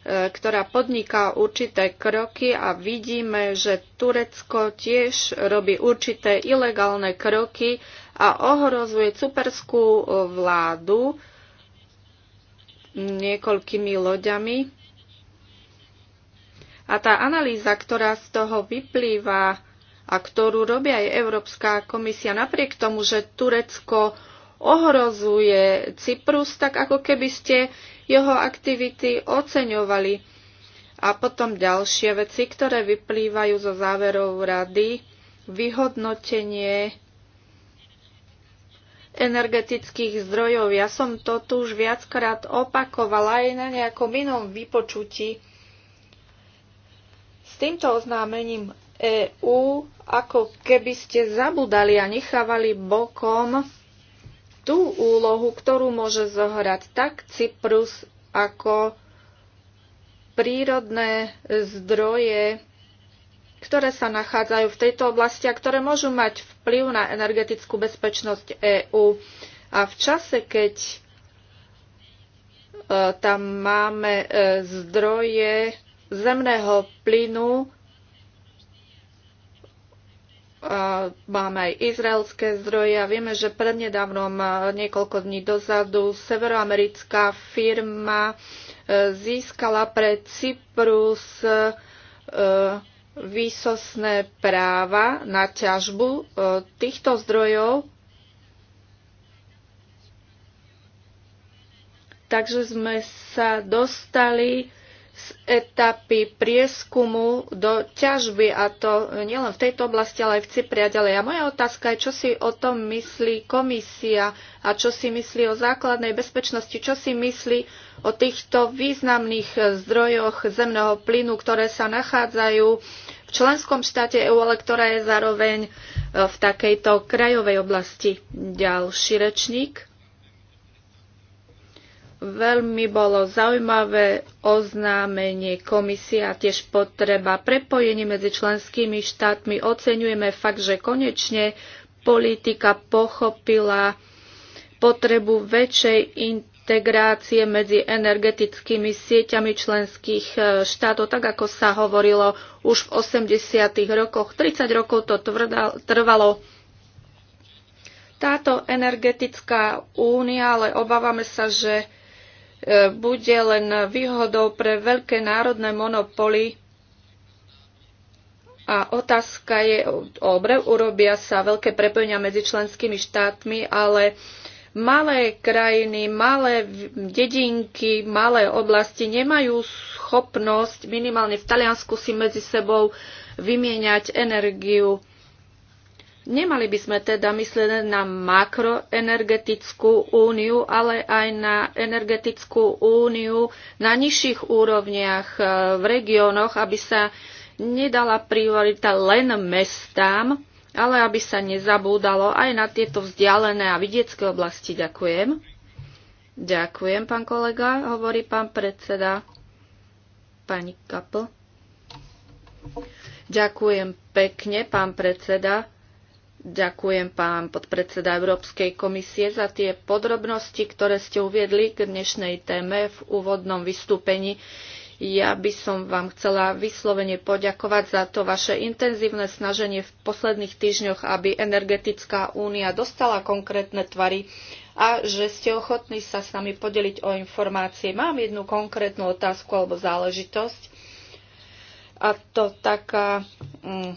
e, ktorá podniká určité kroky a vidíme, že Turecko tiež robí určité ilegálne kroky a ohrozuje cyperskú e, vládu, niekoľkými loďami. A tá analýza, ktorá z toho vyplýva a ktorú robí aj Európska komisia, napriek tomu, že Turecko ohrozuje Cyprus, tak ako keby ste jeho aktivity oceňovali. A potom ďalšie veci, ktoré vyplývajú zo záverov rady, vyhodnotenie energetických zdrojov. Ja som to tu už viackrát opakovala aj na nejakom inom vypočutí. S týmto oznámením EÚ, ako keby ste zabudali a nechávali bokom tú úlohu, ktorú môže zohrať tak Cyprus ako prírodné zdroje ktoré sa nachádzajú v tejto oblasti a ktoré môžu mať vplyv na energetickú bezpečnosť EÚ. A v čase, keď e, tam máme e, zdroje zemného plynu, máme aj izraelské zdroje a vieme, že prednedávnom e, niekoľko dní dozadu severoamerická firma získala pre Cyprus výsosné práva na ťažbu e, týchto zdrojov. Takže sme sa dostali z etapy prieskumu do ťažby a to nielen v tejto oblasti, ale aj v Cypri a ďalej. A moja otázka je, čo si o tom myslí komisia a čo si myslí o základnej bezpečnosti, čo si myslí o týchto významných zdrojoch zemného plynu, ktoré sa nachádzajú v členskom štáte EU, ale ktorá je zároveň v takejto krajovej oblasti. Ďalší rečník. Veľmi bolo zaujímavé oznámenie komisie a tiež potreba prepojení medzi členskými štátmi. Oceňujeme fakt, že konečne politika pochopila potrebu väčšej integrácie medzi energetickými sieťami členských e, štátov, tak ako sa hovorilo už v 80. rokoch. 30 rokov to trvalo. Táto energetická únia, ale obávame sa, že E, bude len výhodou pre veľké národné monopoly. A otázka je, dobre, urobia sa veľké prepojenia medzi členskými štátmi, ale malé krajiny, malé dedinky, malé oblasti nemajú schopnosť minimálne v Taliansku si medzi sebou vymieňať energiu. Nemali by sme teda myslieť na makroenergetickú úniu, ale aj na energetickú úniu na nižších úrovniach e, v regiónoch, aby sa nedala priorita len mestám, ale aby sa nezabúdalo aj na tieto vzdialené a vidiecké oblasti. Ďakujem. Ďakujem, pán kolega, hovorí pán predseda. Pani Kapl. Ďakujem pekne, pán predseda. Ďakujem pán podpredseda Európskej komisie za tie podrobnosti, ktoré ste uviedli k dnešnej téme v úvodnom vystúpení. Ja by som vám chcela vyslovene poďakovať za to vaše intenzívne snaženie v posledných týždňoch, aby energetická únia dostala konkrétne tvary a že ste ochotní sa s nami podeliť o informácie. Mám jednu konkrétnu otázku alebo záležitosť a to taká. Mm,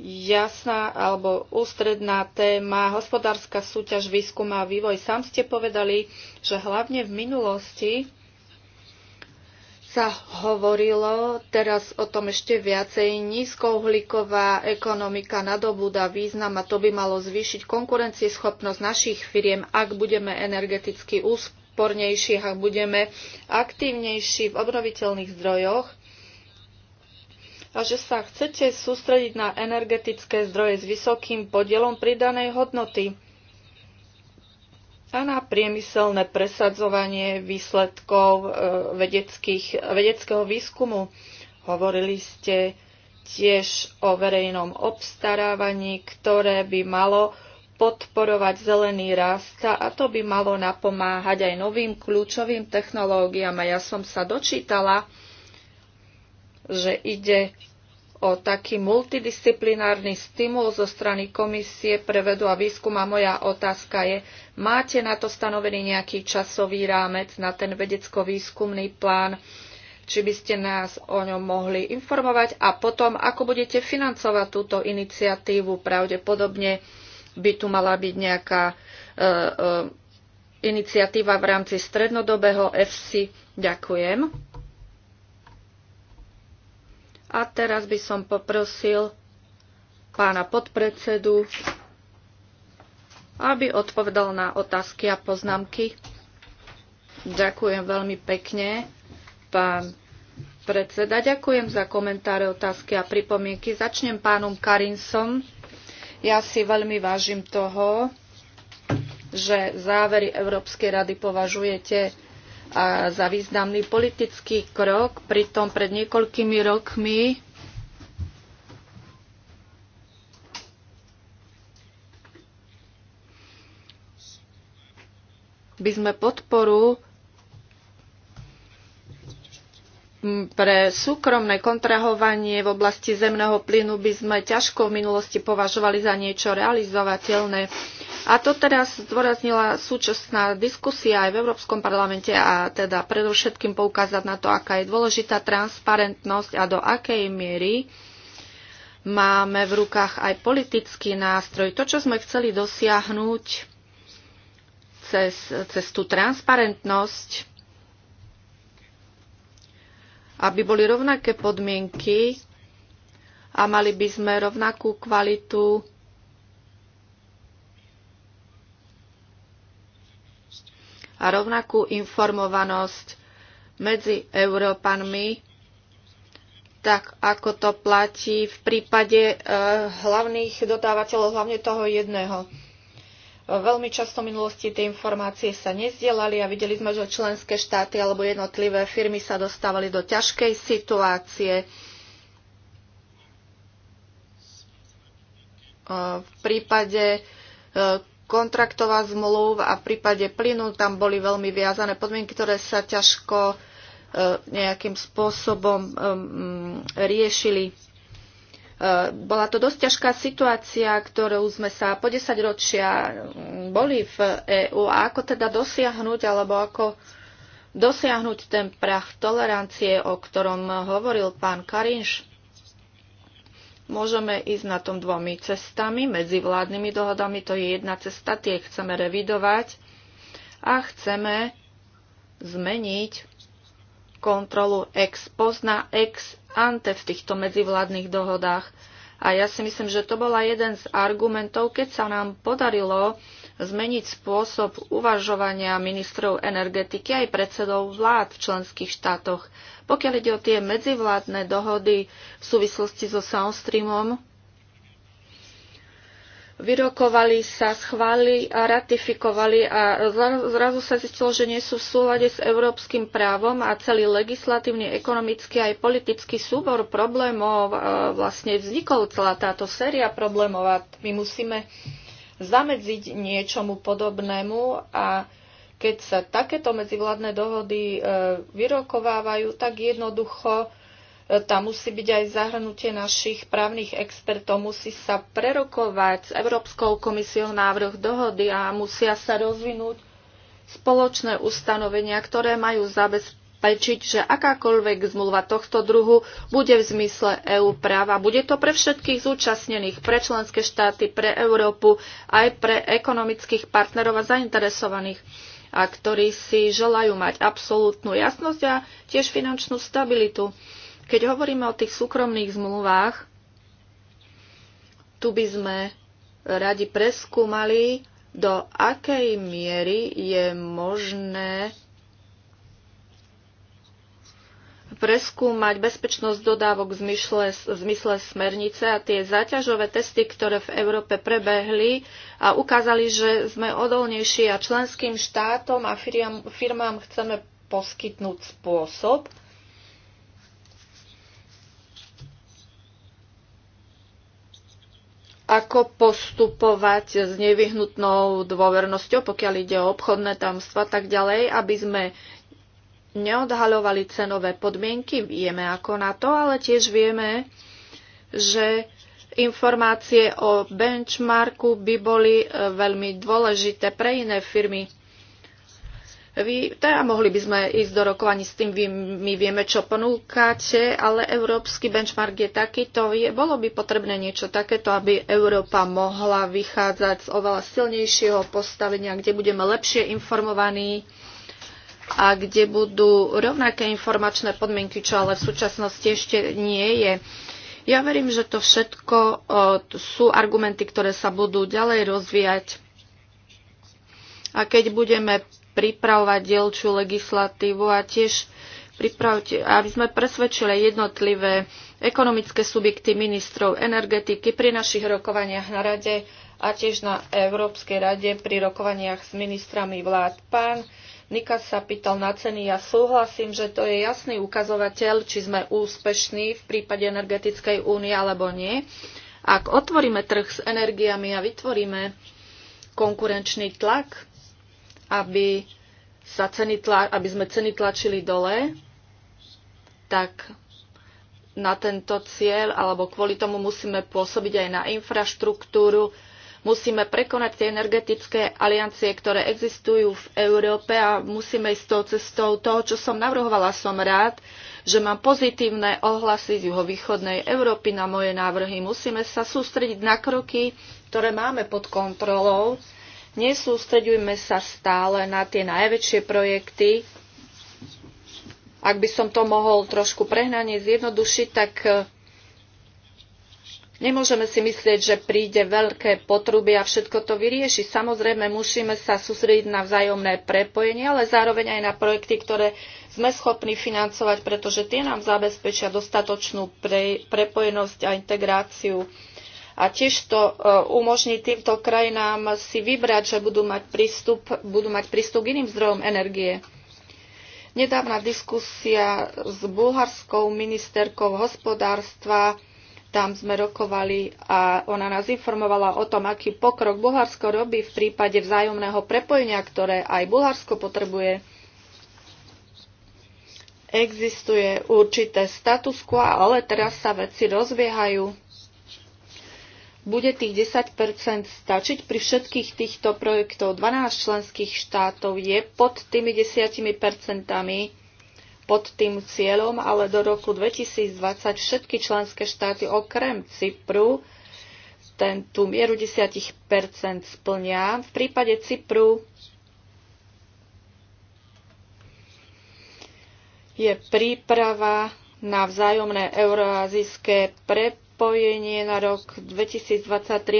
jasná alebo ústredná téma hospodárska súťaž, výskum a vývoj. Sám ste povedali, že hlavne v minulosti sa hovorilo teraz o tom ešte viacej. Nízkouhlíková ekonomika nadobúda význam a to by malo zvýšiť konkurencieschopnosť našich firiem, ak budeme energeticky úspornejší, ak budeme aktívnejší v obnoviteľných zdrojoch a že sa chcete sústrediť na energetické zdroje s vysokým podielom pridanej hodnoty a na priemyselné presadzovanie výsledkov e, vedeckého výskumu. Hovorili ste tiež o verejnom obstarávaní, ktoré by malo podporovať zelený rast a to by malo napomáhať aj novým kľúčovým technológiám. A ja som sa dočítala, že ide o taký multidisciplinárny stimul zo strany Komisie pre vedu a výskum a moja otázka je, máte na to stanovený nejaký časový rámec na ten vedecko-výskumný plán, či by ste nás o ňom mohli informovať a potom, ako budete financovať túto iniciatívu, pravdepodobne by tu mala byť nejaká e, e, iniciatíva v rámci strednodobého FC. Ďakujem. A teraz by som poprosil pána podpredsedu, aby odpovedal na otázky a poznámky. Ďakujem veľmi pekne, pán predseda. Ďakujem za komentáre, otázky a pripomienky. Začnem pánom Karinsom. Ja si veľmi vážim toho, že závery Európskej rady považujete a za významný politický krok. Pritom pred niekoľkými rokmi by sme podporu Pre súkromné kontrahovanie v oblasti zemného plynu by sme ťažko v minulosti považovali za niečo realizovateľné. A to teraz zdôraznila súčasná diskusia aj v Európskom parlamente a teda predovšetkým poukázať na to, aká je dôležitá transparentnosť a do akej miery máme v rukách aj politický nástroj. To, čo sme chceli dosiahnuť cez, cez tú transparentnosť, aby boli rovnaké podmienky a mali by sme rovnakú kvalitu a rovnakú informovanosť medzi Európanmi, tak ako to platí v prípade eh, hlavných dodávateľov, hlavne toho jedného. Veľmi často v minulosti tie informácie sa nezdielali a videli sme, že členské štáty alebo jednotlivé firmy sa dostávali do ťažkej situácie. V prípade e, kontraktová zmluv a v prípade plynu tam boli veľmi viazané podmienky, ktoré sa ťažko e, nejakým spôsobom e, riešili. Eh, bola to dosť ťažká situácia, ktorú sme sa po 10 ročia mm, boli v EÚ. A ako teda dosiahnuť, alebo ako dosiahnuť ten prach tolerancie, o ktorom hovoril pán Karinš? Môžeme ísť na tom dvomi cestami. Medzi vládnymi dohodami to je jedna cesta, tie chceme revidovať a chceme zmeniť kontrolu ex post na ex ante v týchto medzivládnych dohodách. A ja si myslím, že to bola jeden z argumentov, keď sa nám podarilo zmeniť spôsob uvažovania ministrov energetiky aj predsedov vlád v členských štátoch. Pokiaľ ide o tie medzivládne dohody v súvislosti so Soundstreamom, vyrokovali sa, schválili a ratifikovali a zrazu sa zistilo, že nie sú v súlade s európskym právom a celý legislatívny, ekonomický aj politický súbor problémov e, vlastne vznikol celá táto séria problémov a my musíme zamedziť niečomu podobnému a keď sa takéto medzivládne dohody e, vyrokovávajú, tak jednoducho tam musí byť aj zahrnutie našich právnych expertov, musí sa prerokovať s Európskou komisiou návrh dohody a musia sa rozvinúť spoločné ustanovenia, ktoré majú zabezpečiť, že akákoľvek zmluva tohto druhu bude v zmysle EÚ práva. Bude to pre všetkých zúčastnených, pre členské štáty, pre Európu, aj pre ekonomických partnerov a zainteresovaných a ktorí si želajú mať absolútnu jasnosť a tiež finančnú stabilitu. Keď hovoríme o tých súkromných zmluvách, tu by sme radi preskúmali, do akej miery je možné preskúmať bezpečnosť dodávok v zmysle, smernice a tie záťažové testy, ktoré v Európe prebehli a ukázali, že sme odolnejší a členským štátom a firmám chceme poskytnúť spôsob, ako postupovať s nevyhnutnou dôvernosťou, pokiaľ ide o obchodné tamstva tak ďalej, aby sme neodhaľovali cenové podmienky, vieme ako na to, ale tiež vieme, že informácie o benchmarku by boli e, veľmi dôležité pre iné firmy. Vy, teda mohli by sme ísť do rokovaní s tým, vy, my vieme, čo ponúkate, ale európsky benchmark je takýto. Je, bolo by potrebné niečo takéto, aby Európa mohla vychádzať z oveľa silnejšieho postavenia, kde budeme lepšie informovaní a kde budú rovnaké informačné podmienky, čo ale v súčasnosti ešte nie je. Ja verím, že to všetko sú argumenty, ktoré sa budú ďalej rozvíjať. A keď budeme pripravovať dielčiu legislatívu a tiež pripravte, aby sme presvedčili jednotlivé ekonomické subjekty ministrov energetiky pri našich rokovaniach na rade a tiež na Európskej rade pri rokovaniach s ministrami vlád. Pán Nika sa pýtal na ceny. Ja súhlasím, že to je jasný ukazovateľ, či sme úspešní v prípade energetickej únie alebo nie. Ak otvoríme trh s energiami a vytvoríme konkurenčný tlak aby, sa ceny tla, aby sme ceny tlačili dole, tak na tento cieľ alebo kvôli tomu musíme pôsobiť aj na infraštruktúru, musíme prekonať tie energetické aliancie, ktoré existujú v Európe a musíme ísť tou cestou toho, čo som navrhovala. Som rád, že mám pozitívne ohlasy z juhovýchodnej Európy na moje návrhy. Musíme sa sústrediť na kroky, ktoré máme pod kontrolou Nesústreďujme sa stále na tie najväčšie projekty. Ak by som to mohol trošku prehnanie zjednodušiť, tak e, Nemôžeme si myslieť, že príde veľké potruby a všetko to vyrieši. Samozrejme, musíme sa sústrediť na vzájomné prepojenie, ale zároveň aj na projekty, ktoré sme schopní financovať, pretože tie nám zabezpečia dostatočnú pre, prepojenosť a integráciu. A tiež to e, umožní týmto krajinám si vybrať, že budú mať prístup, budú mať prístup k iným zdrojom energie. Nedávna diskusia s bulharskou ministerkou hospodárstva, tam sme rokovali a ona nás informovala o tom, aký pokrok Bulharsko robí v prípade vzájomného prepojenia, ktoré aj Bulharsko potrebuje. Existuje určité status quo, ale teraz sa veci rozbiehajú bude tých 10 stačiť pri všetkých týchto projektov. 12 členských štátov je pod tými 10 pod tým cieľom, ale do roku 2020 všetky členské štáty okrem Cypru ten, tú mieru 10 splňa. V prípade Cypru je príprava na vzájomné euroazijské prepojenie spojenie na rok 2023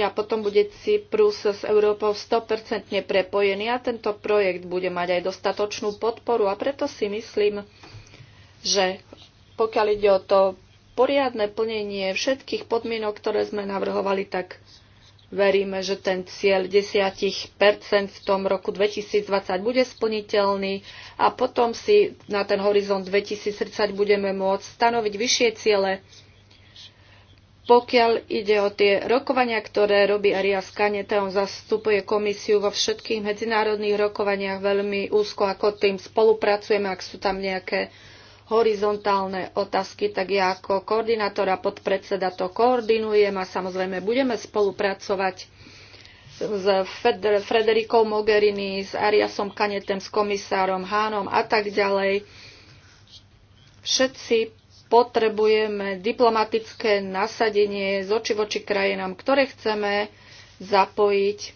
a potom bude Cyprus s Európou 100% prepojený a tento projekt bude mať aj dostatočnú podporu a preto si myslím, že pokiaľ ide o to poriadne plnenie všetkých podmienok, ktoré sme navrhovali, tak veríme, že ten cieľ 10% v tom roku 2020 bude splniteľný a potom si na ten horizont 2030 budeme môcť stanoviť vyššie ciele. Pokiaľ ide o tie rokovania, ktoré robí Arias Kanete, on zastupuje komisiu vo všetkých medzinárodných rokovaniach veľmi úzko, ako tým spolupracujeme, ak sú tam nejaké horizontálne otázky, tak ja ako koordinátora podpredseda to koordinujem a samozrejme budeme spolupracovať s Feder- Frederikou Mogherini, s Ariasom Kanetem, s komisárom Hánom a tak ďalej. Všetci potrebujeme diplomatické nasadenie z oči voči krajinám, ktoré chceme zapojiť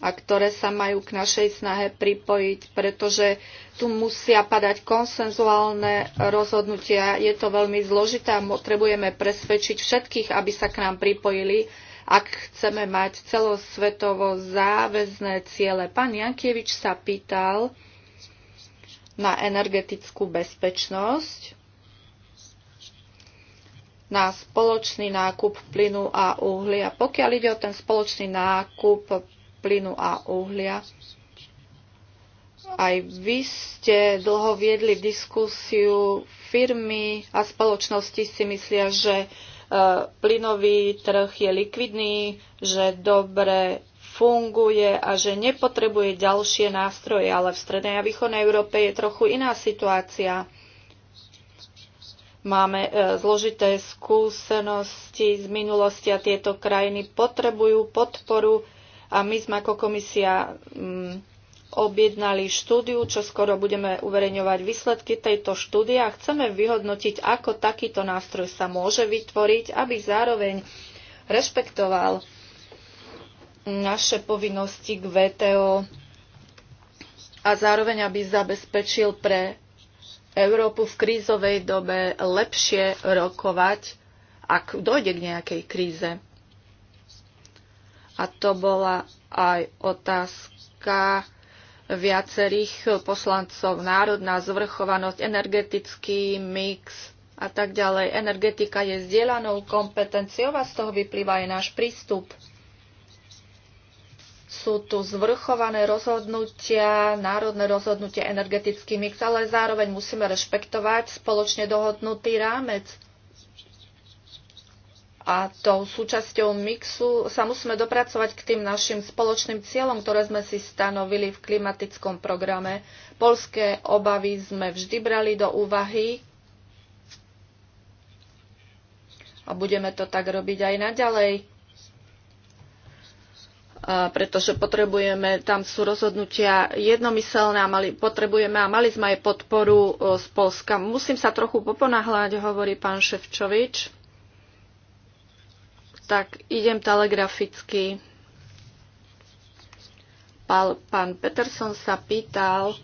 a ktoré sa majú k našej snahe pripojiť, pretože tu musia padať konsenzuálne rozhodnutia. Je to veľmi zložité a potrebujeme presvedčiť všetkých, aby sa k nám pripojili, ak chceme mať celosvetovo záväzné ciele. Pán Jankievič sa pýtal na energetickú bezpečnosť na spoločný nákup plynu a uhlia. Pokiaľ ide o ten spoločný nákup plynu a uhlia, aj vy ste dlho viedli diskusiu firmy a spoločnosti si myslia, že e, plynový trh je likvidný, že dobre funguje a že nepotrebuje ďalšie nástroje, ale v strednej a východnej Európe je trochu iná situácia. Máme e, zložité skúsenosti z minulosti a tieto krajiny potrebujú podporu a my sme ako komisia mm, objednali štúdiu, čo skoro budeme uverejňovať výsledky tejto štúdie a chceme vyhodnotiť, ako takýto nástroj sa môže vytvoriť, aby zároveň rešpektoval naše povinnosti k VTO a zároveň aby zabezpečil pre Európu v krízovej dobe lepšie rokovať, ak dojde k nejakej kríze. A to bola aj otázka viacerých poslancov. Národná zvrchovanosť, energetický mix a tak ďalej. Energetika je zdieľanou kompetenciou a z toho vyplýva aj náš prístup sú tu zvrchované rozhodnutia, národné rozhodnutie, energetický mix, ale zároveň musíme rešpektovať spoločne dohodnutý rámec. A tou súčasťou mixu sa musíme dopracovať k tým našim spoločným cieľom, ktoré sme si stanovili v klimatickom programe. Polské obavy sme vždy brali do úvahy a budeme to tak robiť aj naďalej pretože potrebujeme, tam sú rozhodnutia jednomyselné a mali, potrebujeme a mali sme aj podporu e, z Polska. Musím sa trochu poponáhľať, hovorí pán Ševčovič. Tak idem telegraficky. Pán, pán Peterson sa pýtal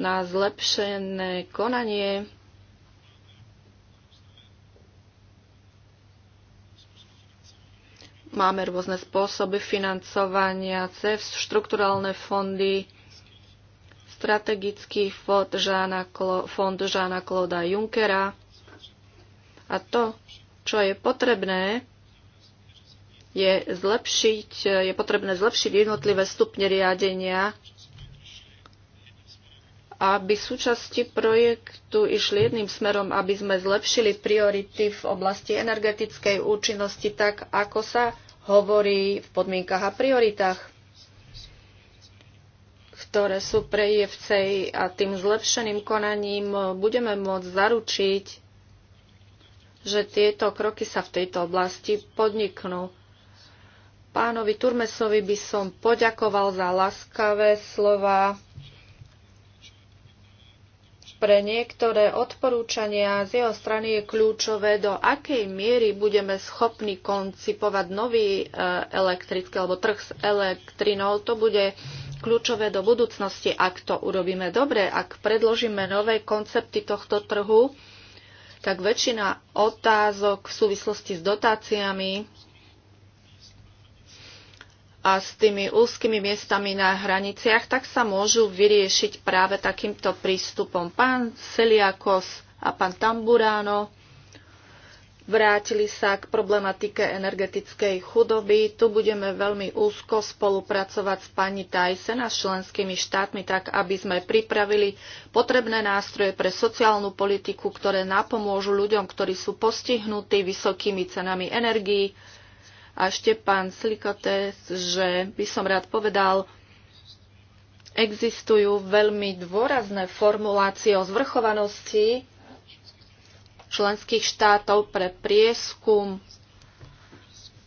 na zlepšené konanie Máme rôzne spôsoby financovania, cez štrukturálne fondy, strategický fond Žána, fond Žána Kloda Junkera. A to, čo je potrebné, je, zlepšiť, je potrebné zlepšiť jednotlivé stupne riadenia aby súčasti projektu išli jedným smerom, aby sme zlepšili priority v oblasti energetickej účinnosti tak, ako sa hovorí v podmienkach a prioritách, ktoré sú pre IFC a tým zlepšeným konaním budeme môcť zaručiť, že tieto kroky sa v tejto oblasti podniknú. Pánovi Turmesovi by som poďakoval za laskavé slova pre niektoré odporúčania z jeho strany je kľúčové, do akej miery budeme schopní koncipovať nový e, elektrický alebo trh s elektrinou. To bude kľúčové do budúcnosti, ak to urobíme dobre, ak predložíme nové koncepty tohto trhu, tak väčšina otázok v súvislosti s dotáciami a s tými úzkými miestami na hraniciach, tak sa môžu vyriešiť práve takýmto prístupom. Pán Celiakos a pán Tamburáno vrátili sa k problematike energetickej chudoby. Tu budeme veľmi úzko spolupracovať s pani Tyson a členskými štátmi, tak aby sme pripravili potrebné nástroje pre sociálnu politiku, ktoré napomôžu ľuďom, ktorí sú postihnutí vysokými cenami energií, a ešte pán Slikotes, že by som rád povedal, existujú veľmi dôrazné formulácie o zvrchovanosti členských štátov pre prieskum.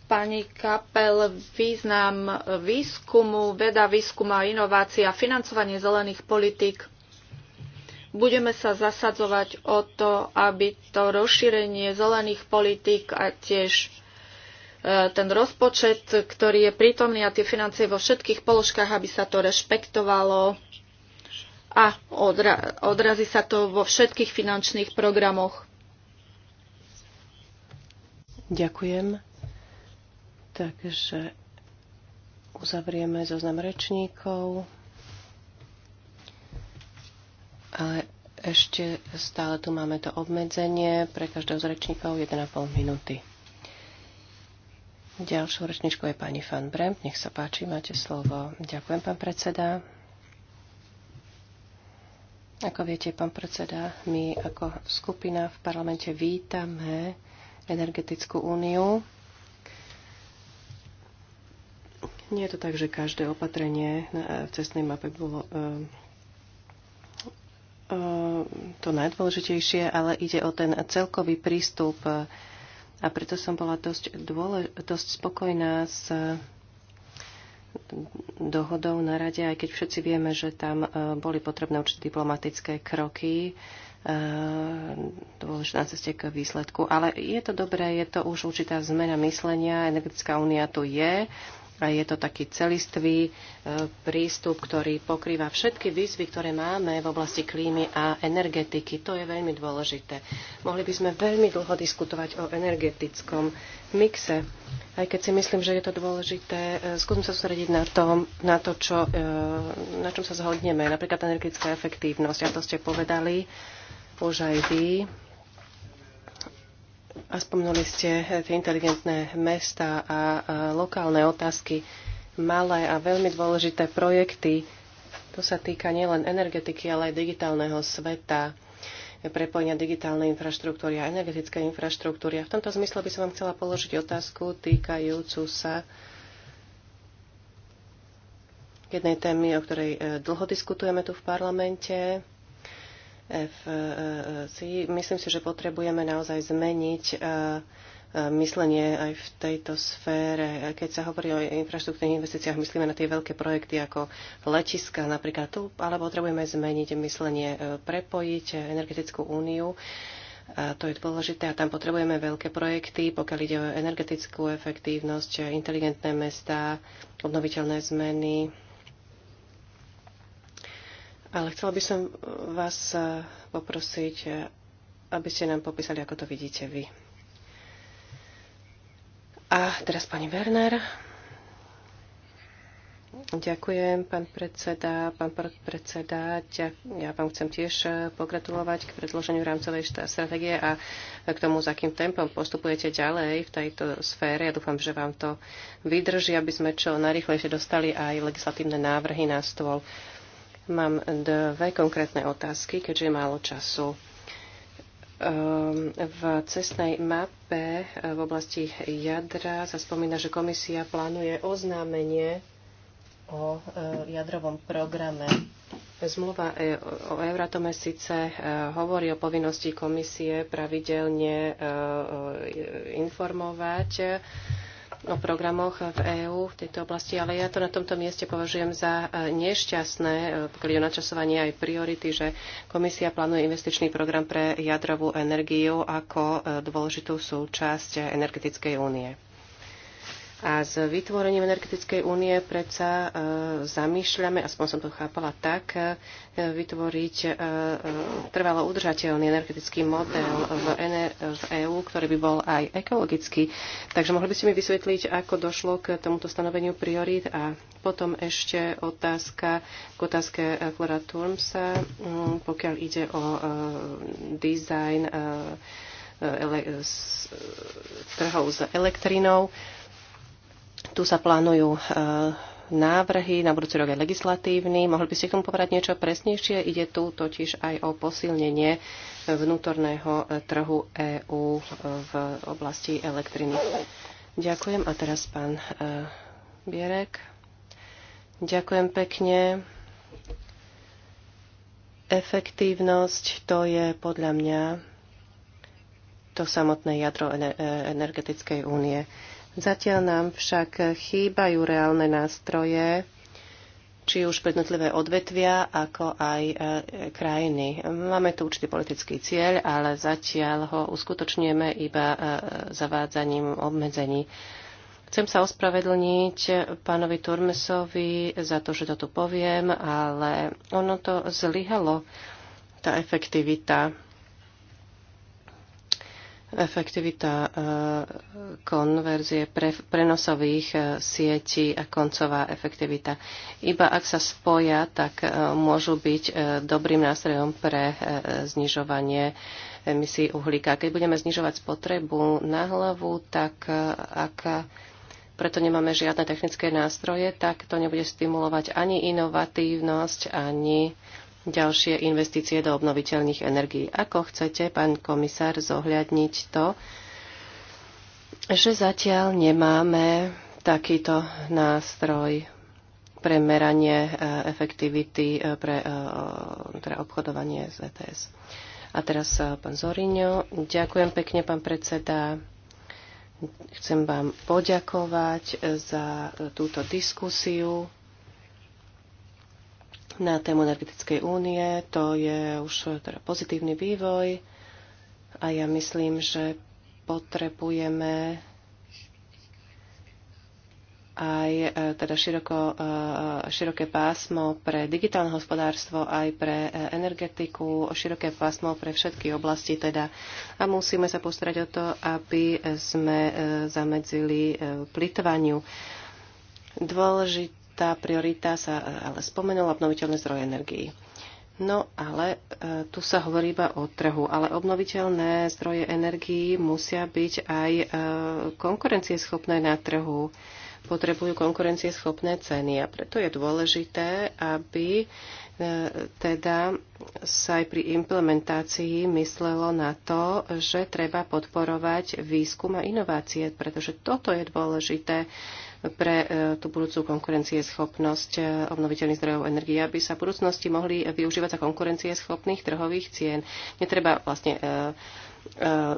Pani Kapel, význam výskumu, veda, výskum a inovácia, financovanie zelených politik. Budeme sa zasadzovať o to, aby to rozšírenie zelených politik a tiež ten rozpočet, ktorý je prítomný a tie financie vo všetkých položkách, aby sa to rešpektovalo a odra- odrazí sa to vo všetkých finančných programoch. Ďakujem. Takže uzavrieme zoznam rečníkov. Ale ešte stále tu máme to obmedzenie pre každého z rečníkov 1,5 minúty. Ďalšou rečničkou je pani Fan Bremt. Nech sa páči, máte slovo. Ďakujem, pán predseda. Ako viete, pán predseda, my ako skupina v parlamente vítame energetickú úniu. Nie je to tak, že každé opatrenie e, v cestnej mape bolo e, e, to najdôležitejšie, ale ide o ten celkový prístup a preto som bola dosť, dôle, dosť spokojná s eh, dohodou na rade, aj keď všetci vieme, že tam eh, boli potrebné určité diplomatické kroky eh, dôležité na ceste k výsledku. Ale je to dobré, je to už určitá zmena myslenia, energetická únia tu je je to taký celistvý e, prístup, ktorý pokrýva všetky výzvy, ktoré máme v oblasti klímy a energetiky. To je veľmi dôležité. Mohli by sme veľmi dlho diskutovať o energetickom mixe. Aj keď si myslím, že je to dôležité, e, skúsim sa sústrediť na, tom, na to, čo, e, na čom sa zhodneme. Napríklad energetická efektívnosť. A to ste povedali už aj vy. A spomenuli ste eh, tie inteligentné mesta a eh, lokálne otázky, malé a veľmi dôležité projekty. To sa týka nielen energetiky, ale aj digitálneho sveta, prepojenia digitálnej infraštruktúry a energetickej infraštruktúry. A v tomto zmysle by som vám chcela položiť otázku týkajúcu sa jednej témy, o ktorej eh, dlho diskutujeme tu v parlamente, FSI. Myslím si, že potrebujeme naozaj zmeniť e, e, myslenie aj v tejto sfére. Keď sa hovorí o infraštruktúrnych investíciách, myslíme na tie veľké projekty ako letiska napríklad tu, ale potrebujeme zmeniť myslenie, e, prepojiť energetickú úniu. A to je dôležité a tam potrebujeme veľké projekty, pokiaľ ide o energetickú efektívnosť, inteligentné mesta, obnoviteľné zmeny, ale chcela by som vás eh, poprosiť, eh, aby ste nám popísali, ako to vidíte vy. A teraz pani Werner. Ďakujem, pán predseda, pán predseda. Ja vám chcem tiež eh, pogratulovať k predloženiu rámcovej stratégie a k tomu, za akým tempom postupujete ďalej v tejto sfére. Ja dúfam, že vám to vydrží, aby sme čo najrychlejšie dostali aj legislatívne návrhy na stôl. Mám dve konkrétne otázky, keďže je málo času. Ehm, v cestnej mape eh, v oblasti jadra sa spomína, že komisia plánuje oznámenie o eh, jadrovom programe. Zmluva e- o Euratome síce eh, hovorí o povinnosti komisie pravidelne informovať o programoch v EÚ v tejto oblasti, ale ja to na tomto mieste považujem za e, nešťastné, e, pokiaľ je načasovanie aj priority, že komisia plánuje investičný program pre jadrovú energiu ako e, dôležitú súčasť energetickej únie. A s vytvorením energetickej únie predsa e, zamýšľame, aspoň som to chápala tak, e, vytvoriť e, e trvalo udržateľný energetický model v, ener- v EÚ, ktorý by bol aj ekologický. Takže mohli by ste mi vysvetliť, ako došlo k tomuto stanoveniu priorít a potom ešte otázka k otázke Flora e, Turmsa, mm, pokiaľ ide o e, dizajn e, e, trhov s elektrinou. Tu sa plánujú e, návrhy, na budúci rok aj legislatívny. Mohli by ste k tomu povedať niečo presnejšie? Ide tu totiž aj o posilnenie vnútorného e, trhu EÚ e, v oblasti elektriny. Ďakujem. A teraz pán Bierek. Ďakujem pekne. Efektívnosť to je podľa mňa to samotné jadro energetickej únie. Zatiaľ nám však chýbajú reálne nástroje, či už prednotlivé odvetvia, ako aj e, krajiny. Máme tu určitý politický cieľ, ale zatiaľ ho uskutočňujeme iba e, zavádzaním obmedzení. Chcem sa ospravedlniť pánovi Turmesovi za to, že to tu poviem, ale ono to zlyhalo, tá efektivita efektivita e, konverzie pre, prenosových e, sietí a koncová efektivita. Iba ak sa spoja, tak e, môžu byť dobrým nástrojom pre znižovanie emisí uhlíka. Keď budeme znižovať spotrebu na hlavu, tak ak preto nemáme žiadne technické nástroje, tak to nebude stimulovať ani inovatívnosť, ani ďalšie investície do obnoviteľných energií. Ako chcete, pán komisár, zohľadniť to, že zatiaľ nemáme takýto nástroj pre meranie e, efektivity e, pre e, teda obchodovanie z ETS. A teraz pán Zoriňo. Ďakujem pekne, pán predseda. Chcem vám poďakovať za túto diskusiu na tému energetickej únie. To je už eh, teda pozitívny vývoj a ja myslím, že potrebujeme aj eh, teda široko, eh, široké pásmo pre digitálne hospodárstvo, aj pre energetiku, široké pásmo pre všetky oblasti teda. A musíme sa postarať o to, aby sme zamedzili plitvaniu. Dôležité tá priorita sa e, ale spomenula obnoviteľné zdroje energií. No ale e, tu sa hovorí iba o trhu, ale obnoviteľné zdroje energií musia byť aj e, konkurencieschopné na trhu. Potrebujú konkurencieschopné ceny a preto je dôležité, aby e, teda sa aj pri implementácii myslelo na to, že treba podporovať výskum a inovácie, pretože toto je dôležité. E, pre e, tú budúcu konkurencieschopnosť e, obnoviteľných zdrojov energie, aby sa v budúcnosti mohli využívať za konkurencieschopných trhových cien. Netreba vlastne e,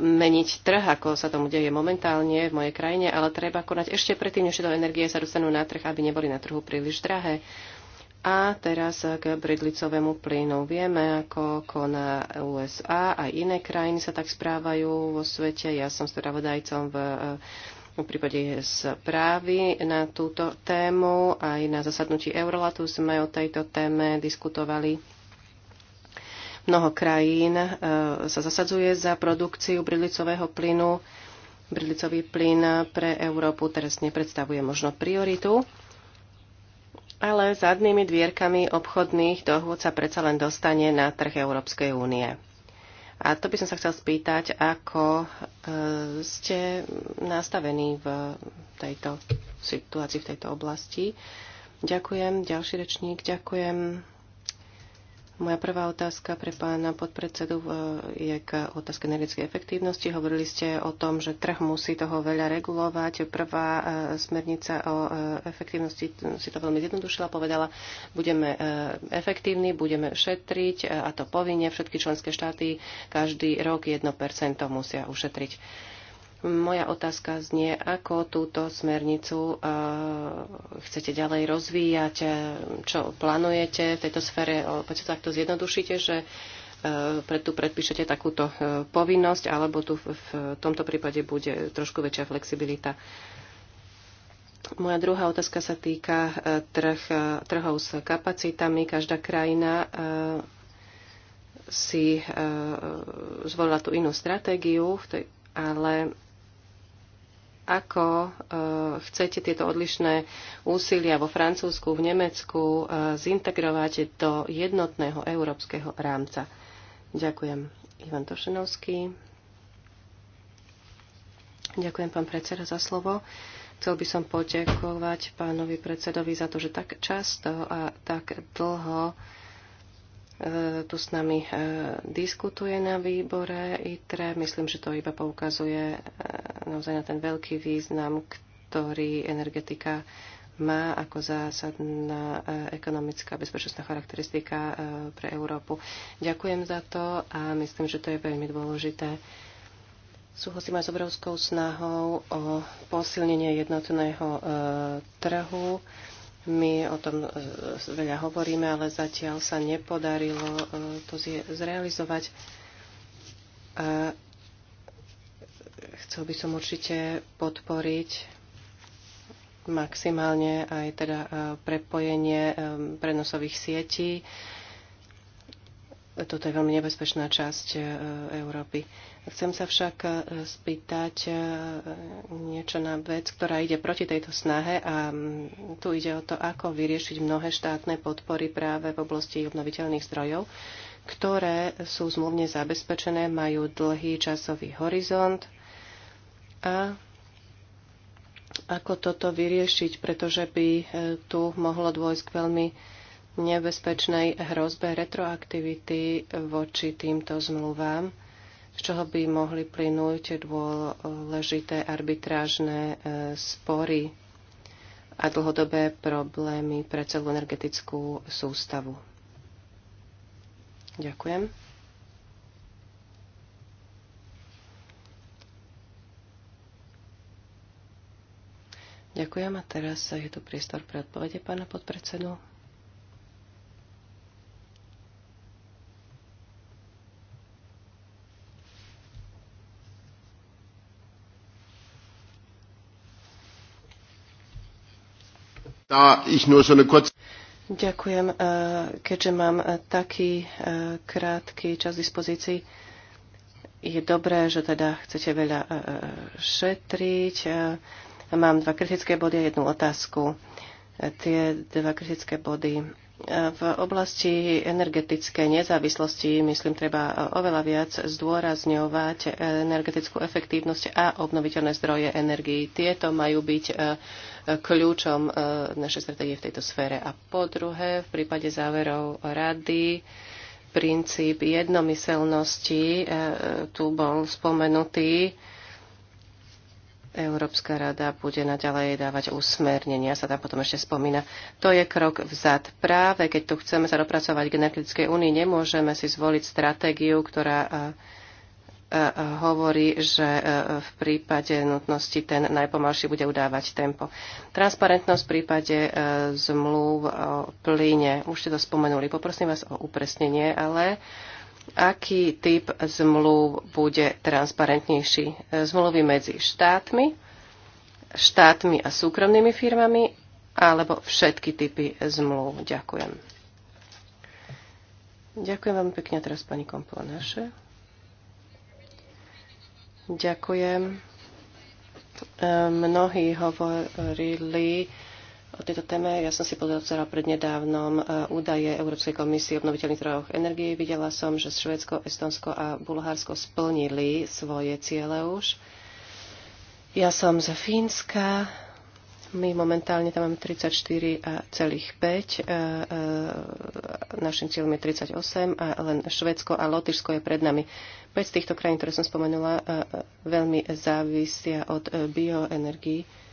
meniť trh, ako sa tomu deje momentálne v mojej krajine, ale treba konať ešte predtým, než tieto energie sa dostanú na trh, aby neboli na trhu príliš drahé. A teraz k bridlicovému plynu. Vieme, ako koná USA, a iné krajiny sa tak správajú vo svete. Ja som spravodajcom v v prípade správy na túto tému. Aj na zasadnutí Eurolatu sme o tejto téme diskutovali. Mnoho krajín e, sa zasadzuje za produkciu brilicového plynu. Brilicový plyn pre Európu teraz nepredstavuje možno prioritu, ale zadnými dvierkami obchodných dohôd sa predsa len dostane na trh Európskej únie. A to by som sa chcel spýtať, ako e, ste nastavení v tejto situácii, v tejto oblasti. Ďakujem, ďalší rečník, ďakujem. Moja prvá otázka pre pána podpredsedu e, je k otázke energetickej efektívnosti. Hovorili ste o tom, že trh musí toho veľa regulovať. Prvá e, smernica o e, efektívnosti si to veľmi zjednodušila. Povedala, budeme efektívni, budeme šetriť a to povinne. Všetky členské štáty každý rok 1% musia ušetriť. Moja otázka znie, ako túto smernicu e, chcete ďalej rozvíjať, e, čo plánujete v tejto sfére, poďte takto zjednodušite, že e, pre tu predpíšete takúto povinnosť, alebo tu v tomto prípade bude trošku väčšia flexibilita. Moja druhá otázka sa týka trh, trhov s kapacitami. Každá krajina si zvolila tú inú stratégiu, ale ako e, chcete tieto odlišné úsilia vo Francúzsku, v Nemecku e, zintegrovať do jednotného európskeho rámca. Ďakujem. Ivan Tošenovský. Ďakujem, pán predseda, za slovo. Chcel by som poďakovať pánovi predsedovi za to, že tak často a tak dlho tu s nami e, diskutuje na výbore ITRE. Myslím, že to iba poukazuje e, naozaj na ten veľký význam, ktorý energetika má ako zásadná e, ekonomická bezpečnostná charakteristika pre Európu. Ďakujem za to a myslím, že to je veľmi dôležité. Súhlasím aj s obrovskou snahou o posilnenie jednotného trhu. My o tom e, veľa hovoríme, ale zatiaľ sa nepodarilo e, to zrealizovať. A chcel by som určite podporiť maximálne aj teda e, prepojenie prenosových sietí toto je veľmi nebezpečná časť e, Európy. Chcem sa však e, spýtať e, niečo na vec, ktorá ide proti tejto snahe a tu ide o to, ako vyriešiť mnohé štátne podpory práve v oblasti obnoviteľných zdrojov, ktoré sú zmluvne zabezpečené, majú dlhý časový horizont a ako toto vyriešiť, pretože by tu mohlo dôjsť k veľmi nebezpečnej hrozbe retroaktivity voči týmto zmluvám, z čoho by mohli plynúť dôležité arbitrážne e, spory a dlhodobé problémy pre celú energetickú sústavu. Ďakujem. Ďakujem a teraz je tu priestor pre odpovede pána podpredsedu. Ďakujem, eh, keďže mám eh, taký eh, krátky čas dispozícii. Je dobré, že teda chcete veľa šetriť. Mám dva kritické body a jednu otázku. Tie dva kritické body v oblasti energetickej nezávislosti, myslím, treba oveľa viac zdôrazňovať energetickú efektívnosť a obnoviteľné zdroje energii. Tieto majú byť e, kľúčom e, našej stratégie v tejto sfére. A po druhé, v prípade záverov rady, princíp jednomyselnosti e, tu bol spomenutý Európska rada bude naďalej dávať usmernenia, sa tam potom ešte spomína. To je krok vzad. Práve keď tu chceme sa dopracovať k energetickej únii, nemôžeme si zvoliť stratégiu, ktorá e, e, e, hovorí, že v prípade nutnosti ten najpomalší bude udávať tempo. Transparentnosť v prípade zmluv o plyne. Už ste to spomenuli. Poprosím vás o upresnenie, ale aký typ zmluv bude transparentnejší. Zmluvy medzi štátmi, štátmi a súkromnými firmami alebo všetky typy zmluv. Ďakujem. Ďakujem veľmi pekne teraz pani Komponáše. Ďakujem. Mnohí hovorili O tejto téme ja som si pozeral prednedávnom e, údaje Európskej komisie o obnoviteľných zdrojoch energie. Videla som, že Švédsko, Estonsko a Bulharsko splnili svoje ciele už. Ja som z Fínska. My momentálne tam máme 34,5. E, e, našim cieľom je 38 a len Švedsko a Lotyšsko je pred nami. Veď z týchto krajín, ktoré som spomenula, veľmi závisia od bioenergii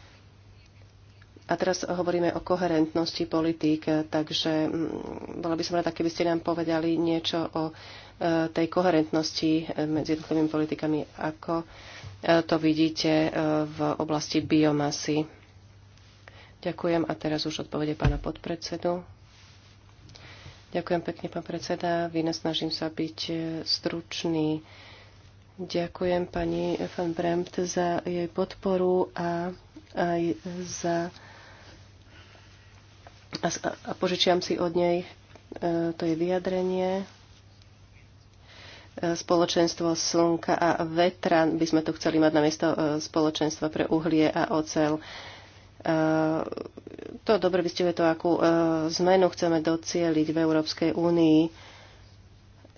a teraz hovoríme o koherentnosti politík, takže mm, bola by som rada, keby ste nám povedali niečo o e, tej koherentnosti e, medzi jednotlivými politikami, ako e, to vidíte v oblasti biomasy. Ďakujem a teraz už odpovede pána podpredsedu. Ďakujem pekne, pán predseda. Vynasnažím sa byť stručný. Ďakujem pani Van Bremt za jej podporu a aj za a, a požičiam si od nej e, to je vyjadrenie. E, spoločenstvo slnka a vetra by sme tu chceli mať namiesto e, spoločenstva pre uhlie a ocel. To dobre ste to, akú zmenu chceme docieliť v Európskej únii.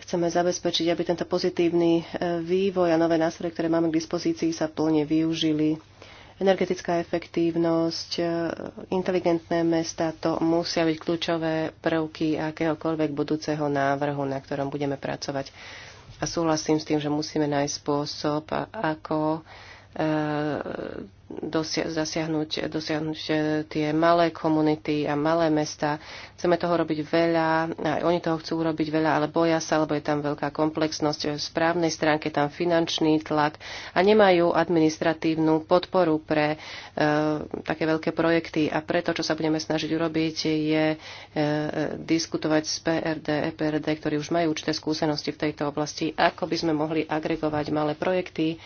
Chceme zabezpečiť, aby tento pozitívny vývoj a nové nástroje, ktoré máme k dispozícii, sa plne využili energetická efektívnosť, e, inteligentné mesta, to musia byť kľúčové prvky akéhokoľvek budúceho návrhu, na ktorom budeme pracovať. A súhlasím s tým, že musíme nájsť spôsob, ako E, dosia- zasiahnuť, dosiahnuť e, tie malé komunity a malé mesta. Chceme toho robiť veľa, aj oni toho chcú urobiť veľa, ale boja sa, lebo je tam veľká komplexnosť. V správnej stránke tam finančný tlak a nemajú administratívnu podporu pre e, také veľké projekty. A preto, čo sa budeme snažiť urobiť, je e, diskutovať s PRD, EPRD, ktorí už majú určité skúsenosti v tejto oblasti, ako by sme mohli agregovať malé projekty,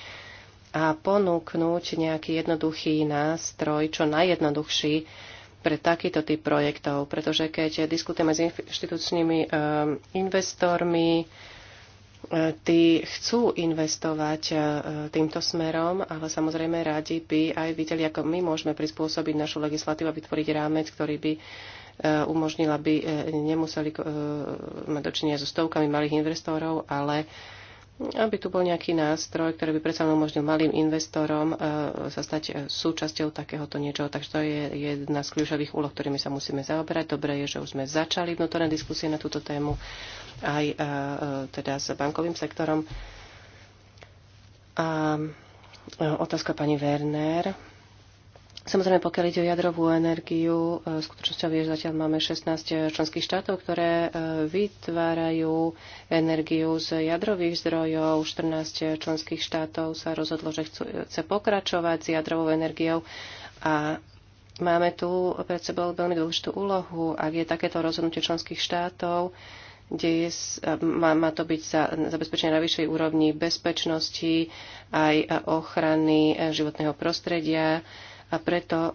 a ponúknuť nejaký jednoduchý nástroj, čo najjednoduchší pre takýto typ projektov. Pretože keď diskutujeme s inštitúčnými eh, investormi, eh, tí chcú investovať eh, týmto smerom, ale samozrejme radi by aj videli, ako my môžeme prispôsobiť našu legislatívu a vytvoriť rámec, ktorý by umožnil, aby nemuseli mať dočinenia so stovkami malých investorov, ale aby tu bol nejaký nástroj, ktorý by predsa umožnil malým investorom e, sa stať e, súčasťou takéhoto niečoho. Takže to je jedna z kľúčových úloh, ktorými sa musíme zaoberať. Dobre je, že už sme začali vnútorné diskusie na túto tému aj e, teda s bankovým sektorom. A otázka pani Werner Samozrejme, pokiaľ ide o jadrovú energiu, e, skutočnosťou je, že zatiaľ máme 16 e, členských štátov, ktoré e, vytvárajú energiu z jadrových zdrojov. 14 členských štátov sa rozhodlo, že chcú, chce pokračovať s jadrovou energiou a máme tu pred sebou veľmi dôležitú úlohu. Ak je takéto rozhodnutie členských štátov, je, má, má to byť za, zabezpečenie na vyššej úrovni bezpečnosti, aj ochrany životného prostredia, a preto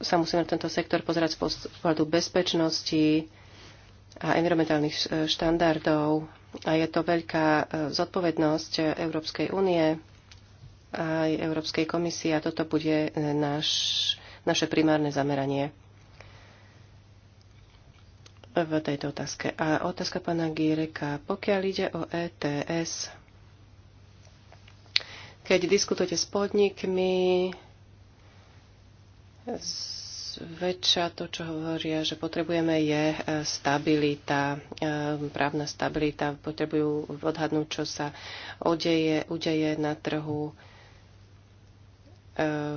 sa musíme na tento sektor pozerať z pohľadu bezpečnosti a environmentálnych štandardov. A je to veľká e, zodpovednosť Európskej únie aj Európskej komisie a toto bude e, naš, naše primárne zameranie v tejto otázke. A otázka pána Gíreka. Pokiaľ ide o ETS, keď diskutujete s podnikmi, zväčša to, čo hovoria, že potrebujeme, je e, stabilita, e, právna stabilita. Potrebujú odhadnúť, čo sa odeje, udeje na trhu, e,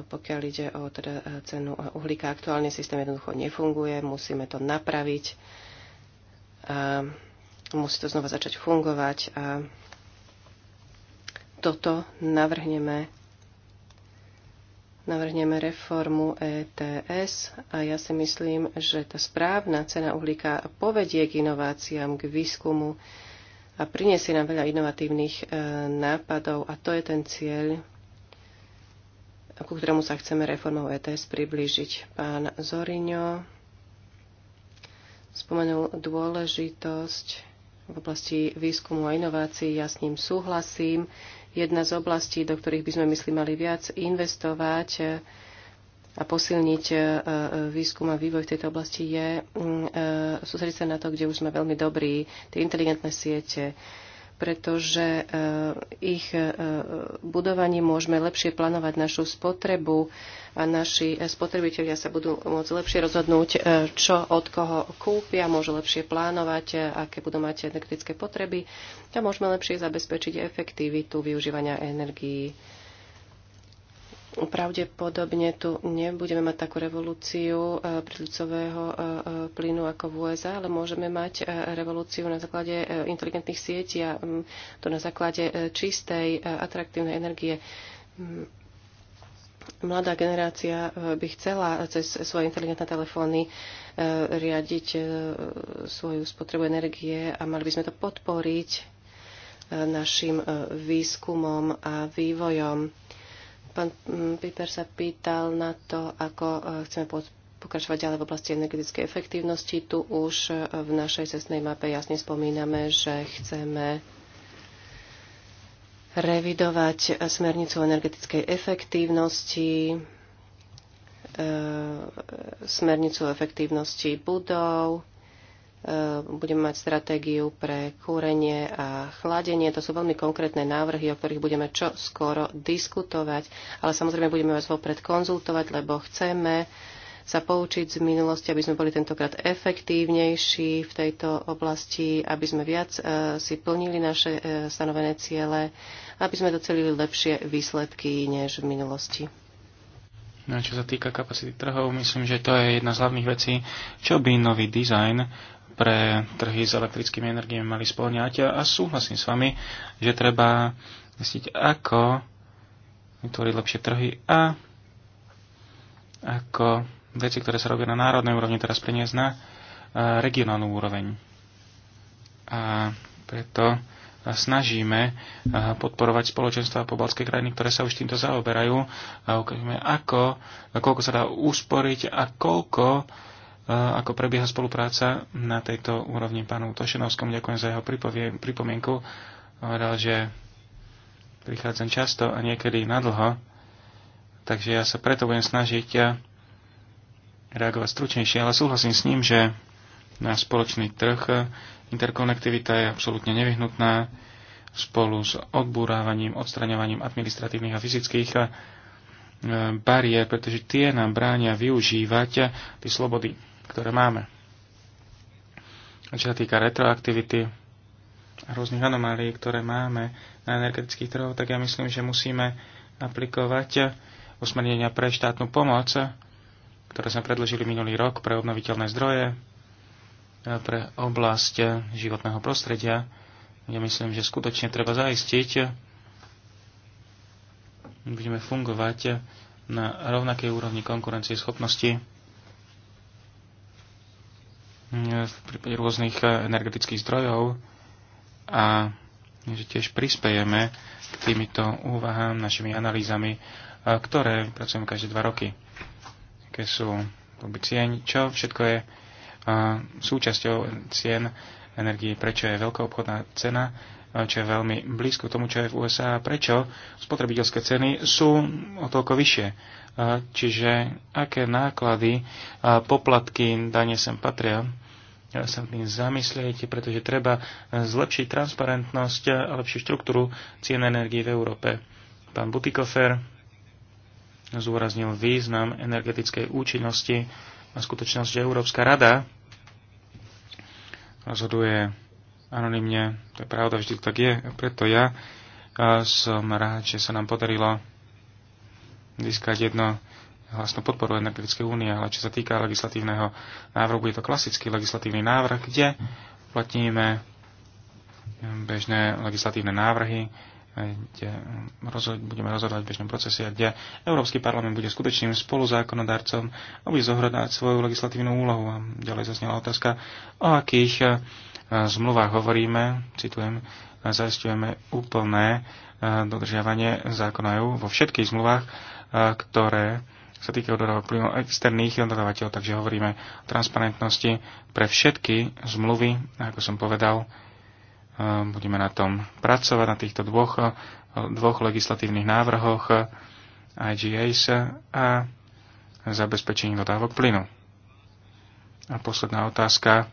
pokiaľ ide o teda cenu uhlíka. Aktuálne systém jednoducho nefunguje, musíme to napraviť. A musí to znova začať fungovať a toto navrhneme navrhneme reformu ETS a ja si myslím, že tá správna cena uhlíka povedie k inováciám, k výskumu a priniesie nám veľa inovatívnych e, nápadov a to je ten cieľ, ku ktorému sa chceme reformou ETS priblížiť. Pán Zoriňo spomenul dôležitosť v oblasti výskumu a inovácií. Ja s ním súhlasím jedna z oblastí, do ktorých by sme, mysli mali viac investovať e, a posilniť e, e, výskum a vývoj v tejto oblasti je mm, sústrediť sa na to, kde už sme veľmi dobrí, tie inteligentné siete, pretože e, ich e, budovaní môžeme lepšie plánovať našu spotrebu a naši e, spotrebitelia sa budú môcť lepšie rozhodnúť, čo od koho kúpia, môžu lepšie plánovať, aké budú mať energetické potreby a môžeme lepšie zabezpečiť efektivitu využívania energií Pravdepodobne tu nebudeme mať takú revolúciu e, príľucového e, e, plynu ako v USA, ale môžeme mať revolúciu na základe inteligentných sietí a mm, to na základe čistej, atraktívnej energie. Mm. Mladá generácia by chcela cez svoje inteligentné telefóny riadiť svoju spotrebu energie a mali by sme to podporiť našim výskumom a vývojom Pán mm, Piper sa pýtal na to, ako e, chceme pokračovať ďalej v oblasti energetickej efektívnosti. Tu už e, v našej cestnej mape jasne spomíname, že chceme revidovať e, smernicu o energetickej efektívnosti, smernicu o efektívnosti budov, E, budeme mať stratégiu pre kúrenie a chladenie. To sú veľmi konkrétne návrhy, o ktorých budeme čo skoro diskutovať, ale samozrejme budeme vás vopred konzultovať, lebo chceme sa poučiť z minulosti, aby sme boli tentokrát efektívnejší v tejto oblasti, aby sme viac e, si plnili naše e, stanovené ciele, aby sme docelili lepšie výsledky než v minulosti. No čo sa týka kapacity trhov, myslím, že to je jedna z hlavných vecí, čo by nový dizajn pre trhy s elektrickými energiami mali spĺňať a súhlasím s vami, že treba zistiť, ako vytvoriť lepšie trhy a ako veci, ktoré sa robia na národnej úrovni, teraz preniesť na regionálnu úroveň. A preto snažíme podporovať spoločenstva pobalské krajiny, ktoré sa už týmto zaoberajú a ukážeme, ako, koľko sa dá usporiť a koľko ako prebieha spolupráca na tejto úrovni pánu Tošenovskom. Ďakujem za jeho pripomienku. Hovoril, že prichádzam často a niekedy nadlho, takže ja sa preto budem snažiť eh, reagovať stručnejšie, ale súhlasím s ním, že na spoločný trh, eh, interkonektivita je absolútne nevyhnutná spolu s odbúrávaním, odstraňovaním administratívnych a fyzických eh, bariér, pretože tie nám bránia využívať tie slobody ktoré máme. čo sa týka retroaktivity a rôznych anomálií, ktoré máme na energetických trhoch, tak ja myslím, že musíme aplikovať usmernenia pre štátnu pomoc, ktoré sme predložili minulý rok pre obnoviteľné zdroje, pre oblasť životného prostredia. Ja myslím, že skutočne treba zaistiť, budeme fungovať na rovnakej úrovni konkurencie schopnosti v prípade rôznych e, energetických zdrojov a že tiež prispejeme k týmito úvahám, našimi analýzami, e, ktoré pracujeme každé dva roky. Aké sú cien, čo všetko je e, súčasťou cien energie, prečo je veľká obchodná cena, čo je veľmi blízko tomu, čo je v USA a prečo spotrebiteľské ceny sú o toľko vyššie. Čiže aké náklady, poplatky, dane sem patria, sa sa tým zamyslieť, pretože treba zlepšiť transparentnosť a lepšiu štruktúru cien energie v Európe. Pán Butikofer zúraznil význam energetickej účinnosti a skutočnosť, že Európska rada rozhoduje anonimne. To je pravda, vždy tak je. Preto ja som rád, že sa nám podarilo získať jedno vlastnú podporu energetickej únie, ale čo sa týka legislatívneho návrhu, je to klasický legislatívny návrh, kde platíme um, bežné legislatívne návrhy, eh, kde um, rozhod- budeme rozhodovať v bežnom procese a kde Európsky parlament bude skutočným spoluzákonodarcom a bude zohľadať svoju legislatívnu úlohu. A ďalej zaznela otázka, o akých eh, zmluvách hovoríme, citujem, zaistujeme úplné eh, dodržiavanie zákona EU vo všetkých zmluvách, ktoré sa týka dodávok plynu externých dodávateľov, takže hovoríme o transparentnosti pre všetky zmluvy, ako som povedal, e, budeme na tom pracovať, na týchto dvoch, e, dvoch legislatívnych návrhoch e, IGAs a zabezpečení dodávok plynu. A posledná otázka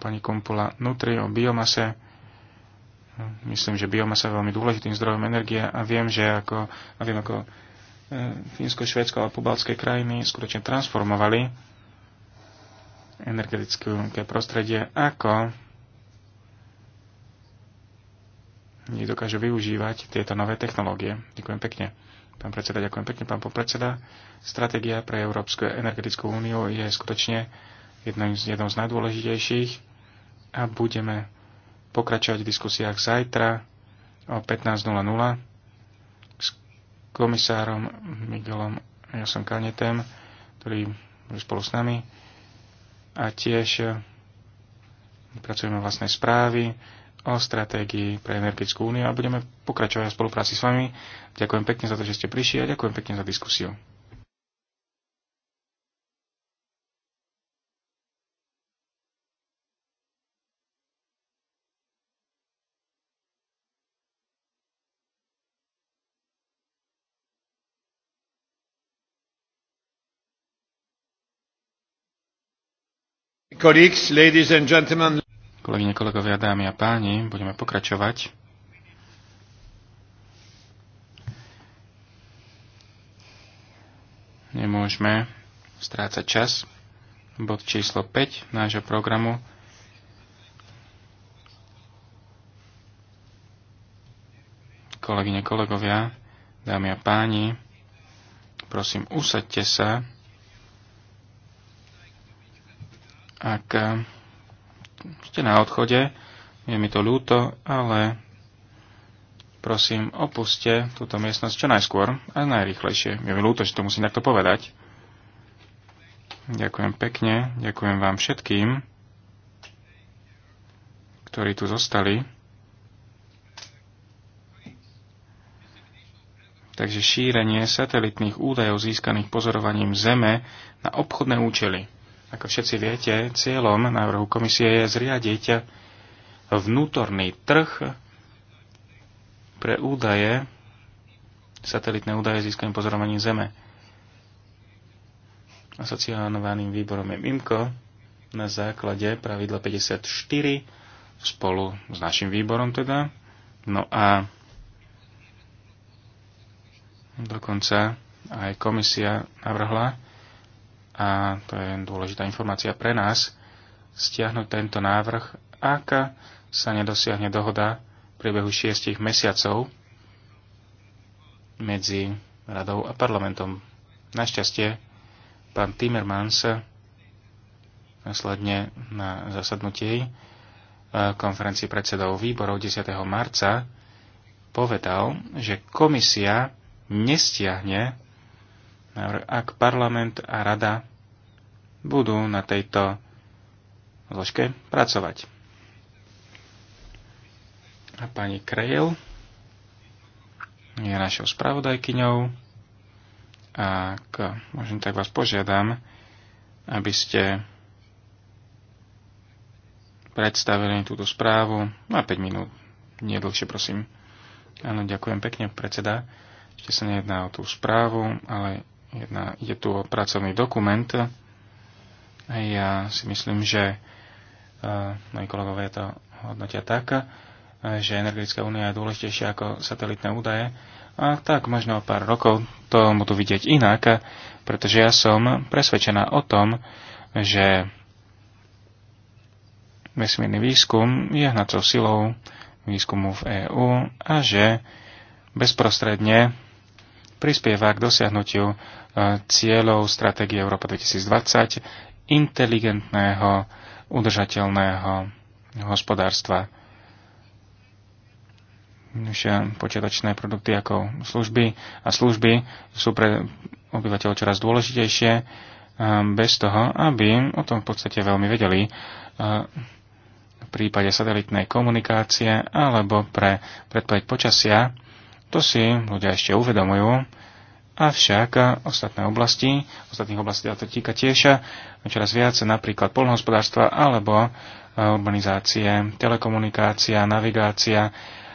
pani Kumpula Nutri o biomase. Myslím, že biomasa je veľmi dôležitým zdrojom energie a viem, že ako, a viem ako Fínsko, Švédsko a pobaltské krajiny skutočne transformovali energetické prostredie, ako nedokážu využívať tieto nové technológie. Ďakujem pekne. Pán predseda, ďakujem pekne, pán popredseda. Stratégia pre Európsku energetickú úniu je skutočne jednou z, jednou z najdôležitejších a budeme pokračovať v diskusiách zajtra o 15.00 komisárom Miguelom Jasom Kanetem, ktorý boli spolu s nami. A tiež eh, pracujeme vlastnej správy o stratégii pre energetickú úniu a budeme pokračovať v spolupráci s vami. Ďakujem pekne za to, že ste prišli a ďakujem pekne za diskusiu. Colleagues, ladies and gentlemen. Kolegyne, kolegovia, dámy a páni, budeme pokračovať. Nemôžeme strácať čas. Bod číslo 5 nášho programu kolegyne, kolegovia, dámy a páni, prosím, usaďte sa, Ak eh, ste na odchode, je mi to ľúto, ale prosím, opuste túto miestnosť čo najskôr a najrychlejšie. Je mi ľúto, že to musím takto povedať. Ďakujem pekne, ďakujem vám všetkým, ktorí tu zostali. Takže šírenie satelitných údajov získaných pozorovaním Zeme na obchodné účely. Ako všetci viete, cieľom návrhu komisie je zriadiť vnútorný trh pre údaje, satelitné údaje získané pozorovaním Zeme. Asociovaným výborom je IMCO na základe pravidla 54 spolu s našim výborom teda. No a dokonca aj komisia navrhla a to je dôležitá informácia pre nás, stiahnuť tento návrh, ak sa nedosiahne dohoda v priebehu šiestich mesiacov medzi radou a parlamentom. Našťastie pán Timmermans následne na zasadnutí e, konferencii predsedov výborov 10. marca povedal, že komisia nestiahne ak parlament a rada budú na tejto zložke pracovať. A pani Krejl je našou spravodajkyňou a k, možno tak vás požiadam, aby ste predstavili túto správu na 5 minút, nie dlhšie prosím. Áno, ďakujem pekne, predseda. Ešte sa nejedná o tú správu, ale Jedna, ide tu o pracovný dokument. A ja si myslím, že uh, moji kolegovia to hodnotia tak, e, že energetická únia je dôležitejšia ako satelitné údaje. A tak možno o pár rokov to budú vidieť inak, pretože ja som presvedčená o tom, že vesmírny výskum je hnacou silou výskumu v EÚ a že bezprostredne prispieva k dosiahnutiu E, cieľov stratégie Európa 2020 inteligentného, udržateľného hospodárstva. Počiatočné produkty ako služby a služby sú pre obyvateľov čoraz dôležitejšie e, bez toho, aby o tom v podstate veľmi vedeli e, v prípade satelitnej komunikácie alebo pre predpoveď počasia. To si ľudia ešte uvedomujú, Avšak ostatné oblasti, ostatných oblastí to týka tiež čoraz viac, napríklad polnohospodárstva alebo e, urbanizácie, telekomunikácia, navigácia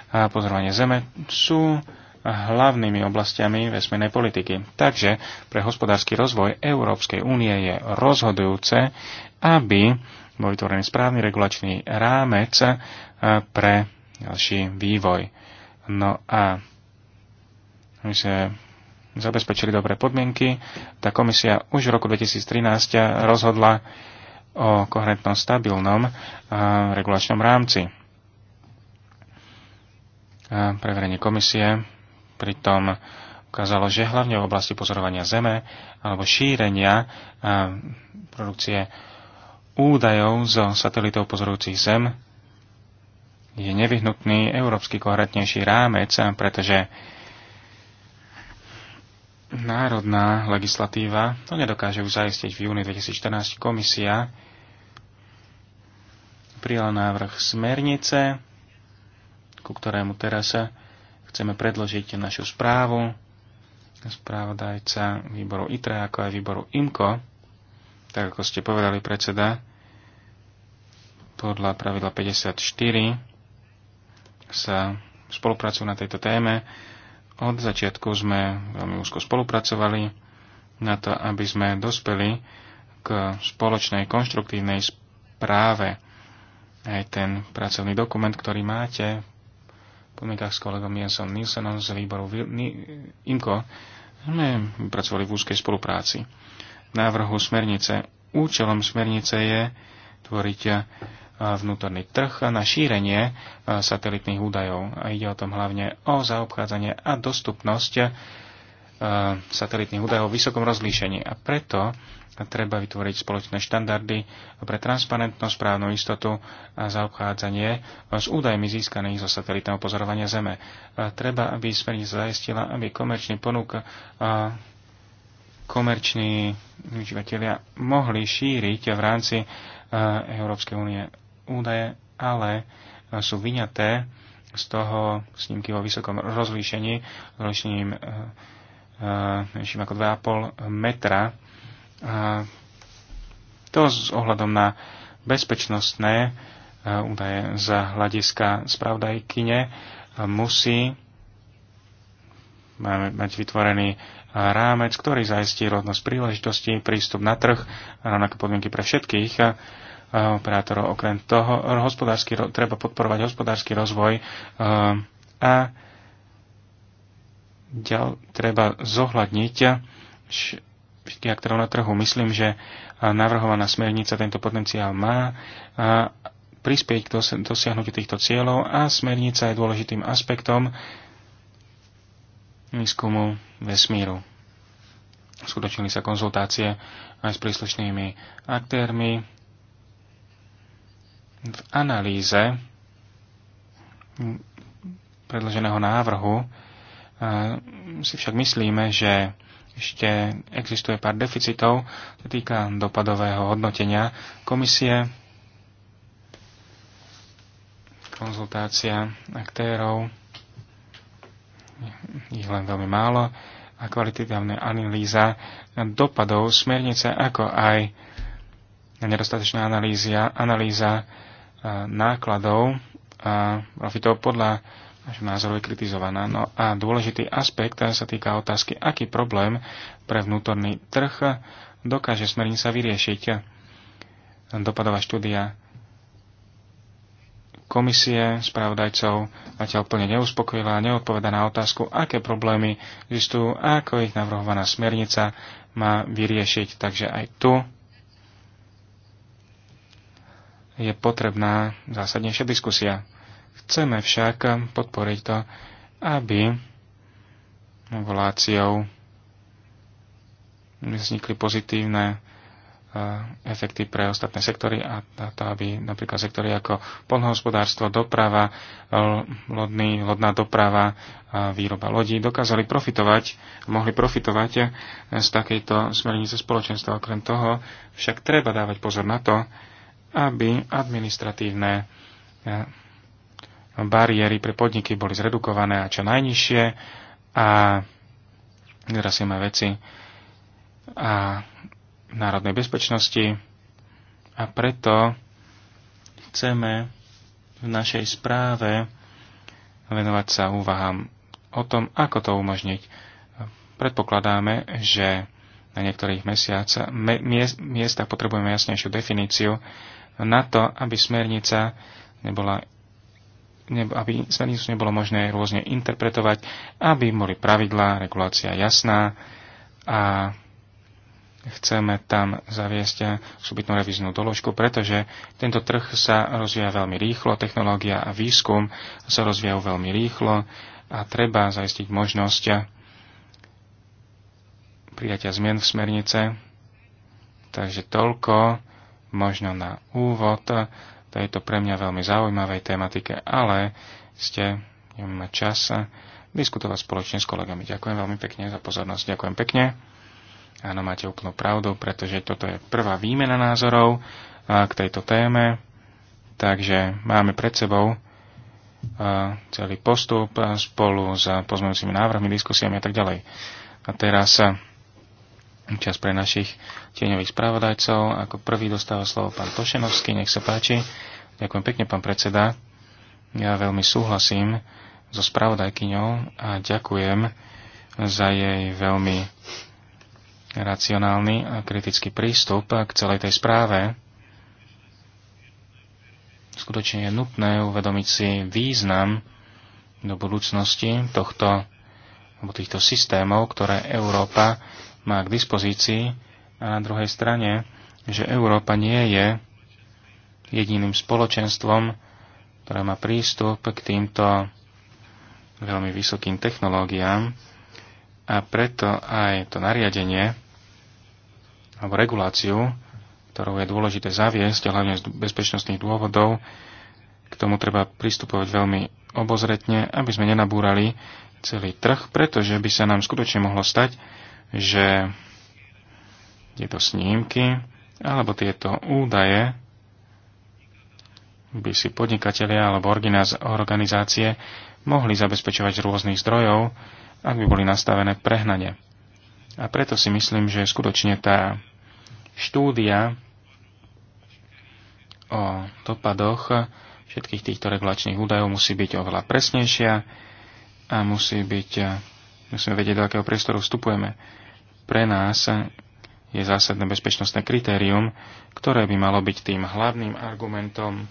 a pozorovanie zeme sú hlavnými oblastiami vesmírnej politiky. Takže pre hospodársky rozvoj Európskej únie je rozhodujúce, aby bol vytvorený správny regulačný rámec e, pre ďalší vývoj. No a my sa zabezpečili dobré podmienky, tá komisia už v roku 2013 rozhodla o koherentnom stabilnom regulačnom rámci. A preverenie komisie pritom ukázalo, že hlavne v oblasti pozorovania Zeme alebo šírenia produkcie údajov zo satelitov pozorujúcich Zem je nevyhnutný európsky koherentnejší rámec, pretože národná legislatíva to nedokáže už zaistiť. V júni 2014 komisia prijala návrh smernice, ku ktorému teraz chceme predložiť našu správu. Správodajca výboru ITRE, ako aj výboru IMCO, tak ako ste povedali predseda, podľa pravidla 54 sa spolupracujú na tejto téme od začiatku sme veľmi úzko spolupracovali na to, aby sme dospeli k spoločnej konštruktívnej správe. Aj ten pracovný dokument, ktorý máte v podmienkach s kolegom Jensom Nilsenom z výboru IMCO, sme pracovali v úzkej spolupráci. Návrhu smernice. Účelom smernice je tvoriť vnútorný trh na šírenie satelitných údajov. A ide o tom hlavne o zaobchádzanie a dostupnosť satelitných údajov v vysokom rozlíšení. A preto treba vytvoriť spoločné štandardy pre transparentnosť, právnu istotu a zaobchádzanie s údajmi získaných zo satelitného pozorovania Zeme. A treba, aby smernica zaistila, aby komerčný ponúk komerční užívateľia mohli šíriť v rámci Európskej únie údaje, ale sú vyňaté z toho snímky vo vysokom rozlíšení, rozlíšením eh, eh, menším ako 2,5 metra. to s ohľadom na bezpečnostné eh, údaje z hľadiska spravdajkyne musí mať vytvorený rámec, ktorý zajistí rovnosť príležitosti, prístup na trh a rovnaké podmienky pre všetkých operátorov. Okrem toho hospodársky, treba podporovať hospodársky rozvoj eh, a ďal, treba zohľadniť všetky aktorov na trhu. Myslím, že eh, navrhovaná smernica tento potenciál má a eh, prispieť k dosiahnutiu týchto cieľov a smernica je dôležitým aspektom výskumu vesmíru. Skutočnili sa konzultácie aj s príslušnými aktérmi, v analýze predloženého návrhu e, si však myslíme, že ešte existuje pár deficitov, čo týka dopadového hodnotenia komisie, konzultácia aktérov, ich len veľmi málo, a kvalitatívna analýza dopadov smernice, ako aj nedostatečná analýza, analýza nákladov a to podľa našom názor je kritizovaná. No a dôležitý aspekt sa týka otázky, aký problém pre vnútorný trh dokáže smernica vyriešiť. Dopadová štúdia komisie spravodajcov zatiaľ úplne neuspokojila a neodpoveda na otázku, aké problémy existujú a ako ich navrhovaná smernica má vyriešiť. Takže aj tu je potrebná zásadnejšia diskusia. Chceme však podporiť to, aby voláciou vznikli pozitívne e, efekty pre ostatné sektory a to, aby napríklad sektory ako polnohospodárstvo, doprava, e, lodný, lodná doprava, výroba lodí dokázali profitovať, mohli profitovať e, z takejto smernice spoločenstva. Okrem toho však treba dávať pozor na to, aby administratívne eh, bariéry pre podniky boli zredukované a čo najnižšie a vyrazíme veci a národnej bezpečnosti a preto chceme v našej správe venovať sa úvahám o tom, ako to umožniť. Predpokladáme, že na niektorých mesiac, miestach potrebujeme jasnejšiu definíciu na to, aby smernica nebola aby smernicu nebolo možné rôzne interpretovať, aby boli pravidlá, regulácia jasná a chceme tam zaviesť súbytnú revíznu doložku, pretože tento trh sa rozvíja veľmi rýchlo, technológia a výskum sa rozvíjajú veľmi rýchlo a treba zaistiť možnosť prijatia zmien v smernice. Takže toľko možno na úvod tejto pre mňa veľmi zaujímavej tematike, ale ste, nemáme čas diskutovať spoločne s kolegami. Ďakujem veľmi pekne za pozornosť, ďakujem pekne. Áno, máte úplnú pravdu, pretože toto je prvá výmena názorov k tejto téme, takže máme pred sebou celý postup spolu s pozmeňujúcimi návrhmi, diskusiami a tak ďalej. A teraz čas pre našich tieňových správodajcov. Ako prvý dostáva slovo pán Tošenovský, nech sa páči. Ďakujem pekne, pán predseda. Ja veľmi súhlasím so spravodajkyňou a ďakujem za jej veľmi racionálny a kritický prístup k celej tej správe. Skutočne je nutné uvedomiť si význam do budúcnosti tohto, alebo týchto systémov, ktoré Európa má k dispozícii a na druhej strane, že Európa nie je jediným spoločenstvom, ktoré má prístup k týmto veľmi vysokým technológiám a preto aj to nariadenie alebo reguláciu, ktorou je dôležité zaviesť, hlavne z bezpečnostných dôvodov, k tomu treba pristupovať veľmi obozretne, aby sme nenabúrali celý trh, pretože by sa nám skutočne mohlo stať, že tieto snímky alebo tieto údaje by si podnikatelia alebo organizácie mohli zabezpečovať z rôznych zdrojov, ak by boli nastavené prehnane. A preto si myslím, že skutočne tá štúdia o dopadoch všetkých týchto regulačných údajov musí byť oveľa presnejšia a musí byť Musíme vedieť, do akého priestoru vstupujeme. Pre nás je zásadné bezpečnostné kritérium, ktoré by malo byť tým hlavným argumentom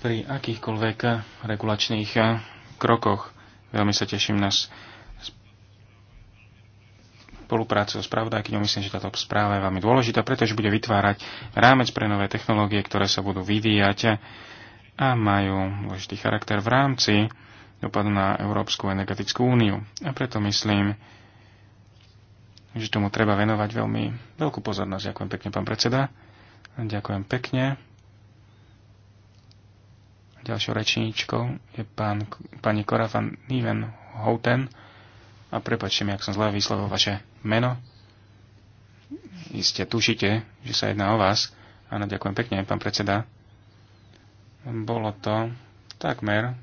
pri akýchkoľvek regulačných krokoch. Veľmi sa teším na spoluprácu s pravdákyňou. Myslím, že táto správa je veľmi dôležitá, pretože bude vytvárať rámec pre nové technológie, ktoré sa budú vyvíjať a majú dôležitý charakter v rámci dopadu na Európsku energetickú úniu. A preto myslím, že tomu treba venovať veľmi veľkú pozornosť. Ďakujem pekne, pán predseda. Ďakujem pekne. Ďalšou rečníčkou je pán, pani Korafan Niven Houten. A prepačte mi, ak som zle vyslovil vaše meno. Iste tušite, že sa jedná o vás. Áno, ďakujem pekne, pán predseda. Bolo to takmer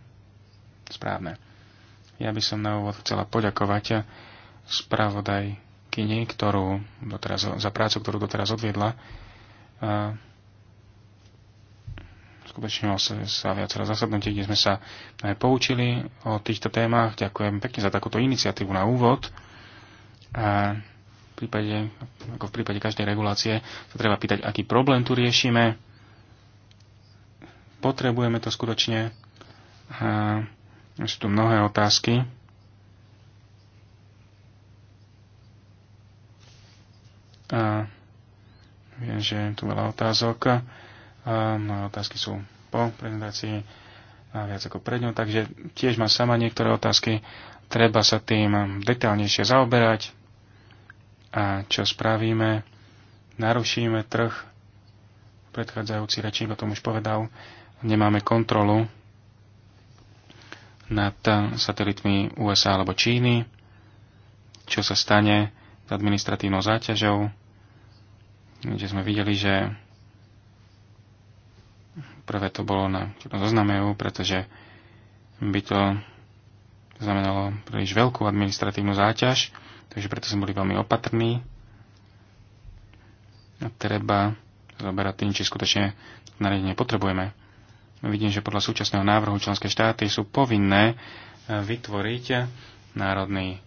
správne. Ja by som na úvod chcela poďakovať spravodajkyni, ktorú doteraz, za prácu, ktorú doteraz odviedla. Skutočne sa, sa viacero zasadnutí, kde sme sa aj poučili o týchto témach. Ďakujem pekne za takúto iniciatívu na úvod. A v prípade, ako v prípade každej regulácie, sa treba pýtať, aký problém tu riešime. Potrebujeme to skutočne. A sú tu mnohé otázky. A viem, že je tu veľa otázok. A mnohé otázky sú po prezentácii a viac ako pred ňou, takže tiež mám sama niektoré otázky. Treba sa tým detailnejšie zaoberať. A čo spravíme? Narušíme trh. Predchádzajúci rečník o tom už povedal. Nemáme kontrolu nad satelitmi USA alebo Číny, čo sa stane s administratívnou záťažou, kde sme videli, že prvé to bolo na zozname EU, pretože by to znamenalo príliš veľkú administratívnu záťaž, takže preto sme boli veľmi opatrní. A treba zoberať tým, či skutočne nariadenie potrebujeme. Vidím, že podľa súčasného návrhu členské štáty sú povinné e, vytvoriť Národný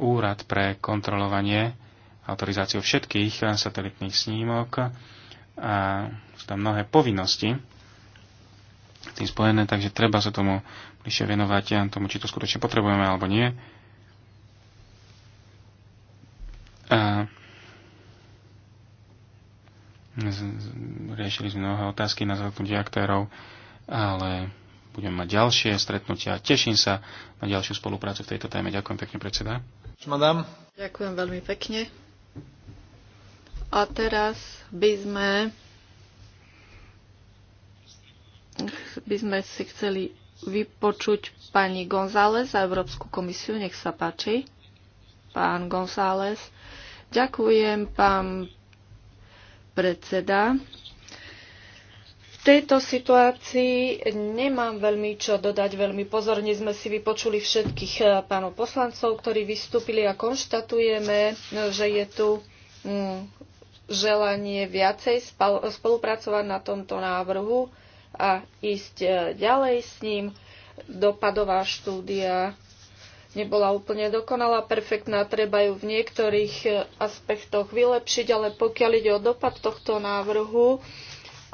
úrad pre kontrolovanie autorizáciu všetkých e, satelitných snímok a sú tam mnohé povinnosti s tým spojené, takže treba sa tomu bližšie venovať a e, tomu, či to skutočne potrebujeme alebo nie. A riešili sme mnohé otázky na základe aktérov ale budeme mať ďalšie stretnutia. Teším sa na ďalšiu spoluprácu v tejto téme. Ďakujem pekne, predseda. Madam. Ďakujem veľmi pekne. A teraz by sme by sme si chceli vypočuť pani González za Európsku komisiu. Nech sa páči. Pán González. Ďakujem, pán predseda tejto situácii nemám veľmi čo dodať. Veľmi pozorne sme si vypočuli všetkých eh, pánov poslancov, ktorí vystúpili a konštatujeme, eh, že je tu mm, želanie viacej spolupracovať na tomto návrhu a ísť eh, ďalej s ním. Dopadová štúdia nebola úplne dokonalá, perfektná, treba ju v niektorých aspektoch vylepšiť, ale pokiaľ ide o dopad tohto návrhu,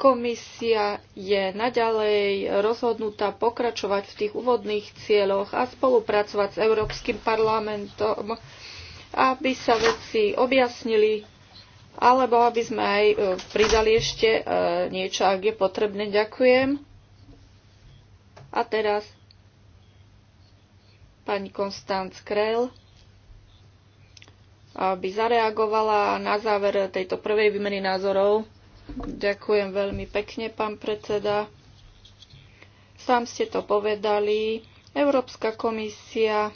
Komisia je naďalej rozhodnutá pokračovať v tých úvodných cieľoch a spolupracovať s Európskym parlamentom, aby sa veci objasnili, alebo aby sme aj e, pridali ešte e, niečo, ak je potrebné. Ďakujem. A teraz pani Konstanc Krell aby zareagovala na záver tejto prvej výmeny názorov. Ďakujem veľmi pekne, pán predseda. Sám ste to povedali. Európska komisia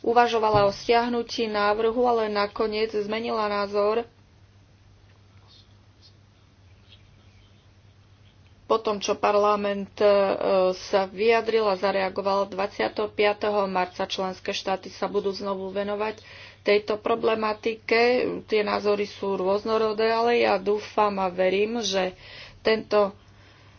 uvažovala o stiahnutí návrhu, ale nakoniec zmenila názor po tom, čo parlament e, sa vyjadril a zareagoval 25. marca členské štáty sa budú znovu venovať tejto problematike. Tie názory sú rôznorodé, ale ja dúfam a verím, že tento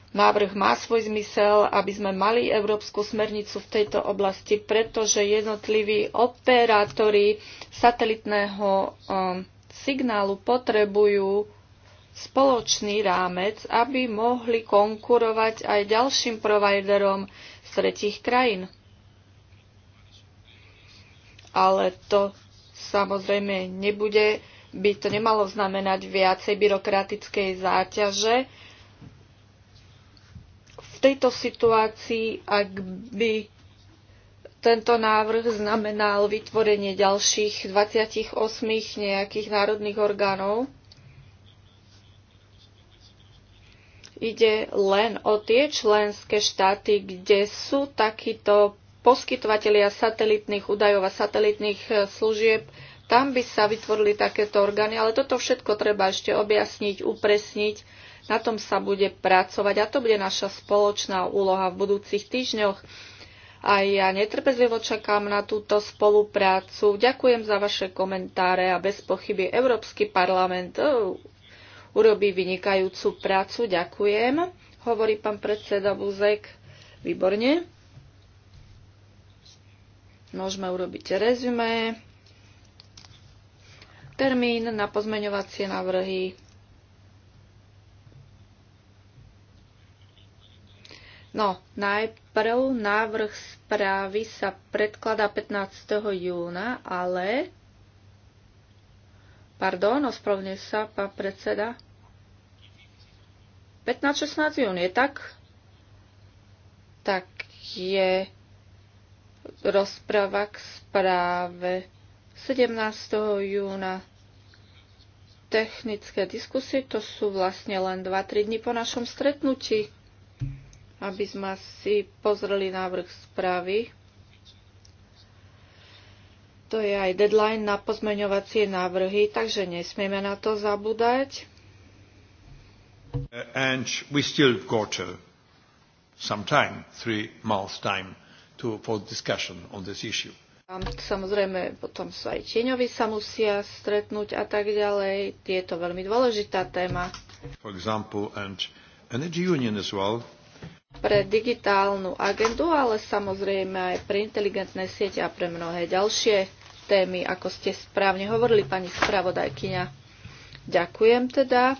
návrh má svoj zmysel, aby sme mali európsku smernicu v tejto oblasti, pretože jednotliví operátori satelitného um, signálu potrebujú spoločný rámec, aby mohli konkurovať aj ďalším providerom z tretich krajín. Ale to Samozrejme nebude, by to nemalo znamenať viacej byrokratickej záťaže. V tejto situácii, ak by tento návrh znamenal vytvorenie ďalších 28 nejakých národných orgánov. Ide len o tie členské štáty, kde sú takíto poskytovatelia satelitných údajov a satelitných e, služieb, tam by sa vytvorili takéto orgány, ale toto všetko treba ešte objasniť, upresniť, na tom sa bude pracovať a to bude naša spoločná úloha v budúcich týždňoch. A ja netrpezlivo čakám na túto spoluprácu. Ďakujem za vaše komentáre a bez pochyby Európsky parlament e, urobí vynikajúcu prácu. Ďakujem, hovorí pán predseda Buzek. Výborne. Môžeme urobiť rezume. Termín na pozmeňovacie návrhy No, najprv návrh správy sa predkladá 15. júna, ale... Pardon, ospravne sa, pán predseda. 15-16 jún je tak? Tak je rozpráva k správe 17. júna. Technické diskusie to sú vlastne len 2-3 dní po našom stretnutí, aby sme si pozreli návrh správy. To je aj deadline na pozmeňovacie návrhy, takže nesmieme na to zabúdať. And we still got uh, some time, three months time to, for discussion on this issue. Samozrejme, potom sa aj tieňovi sa musia stretnúť a tak ďalej. Je to veľmi dôležitá téma. For example, and energy union as well. Pre digitálnu agendu, ale samozrejme aj pre inteligentné siete a pre mnohé ďalšie témy, ako ste správne hovorili, pani spravodajkyňa. Ďakujem teda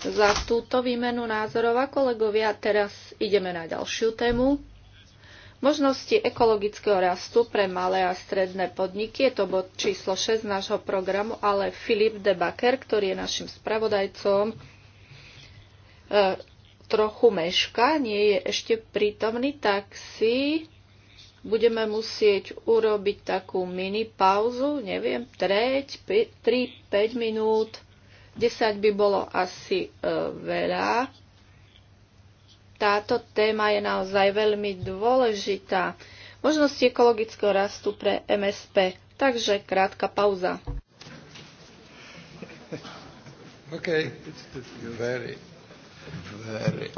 za túto výmenu názorov a kolegovia. Teraz ideme na ďalšiu tému. Možnosti ekologického rastu pre malé a stredné podniky je to bod číslo 6 nášho programu, ale Filip de Baker, ktorý je našim spravodajcom, e, trochu meška, nie je ešte prítomný, tak si budeme musieť urobiť takú mini pauzu, neviem, 3-5 minút, 10 by bolo asi e, veľa táto téma je naozaj veľmi dôležitá. Možnosti ekologického rastu pre MSP. Takže krátka pauza. Okay. Very, very.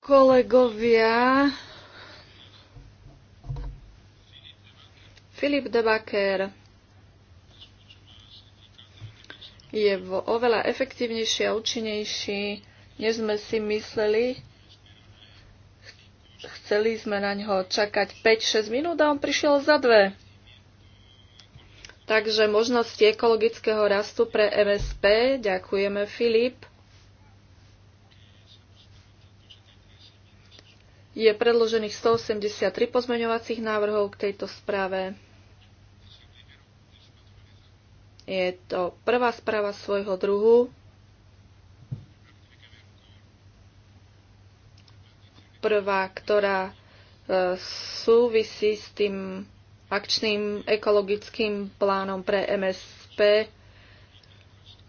Kolegovia, Filip de Baker je oveľa efektívnejší a účinnejší, než sme si mysleli. Chceli sme na ňo čakať 5-6 minút a on prišiel za dve. Takže možnosti ekologického rastu pre MSP. Ďakujeme, Filip. Je predložených 183 pozmeňovacích návrhov k tejto správe. Je to prvá správa svojho druhu. Prvá, ktorá e, súvisí s tým akčným ekologickým plánom pre MSP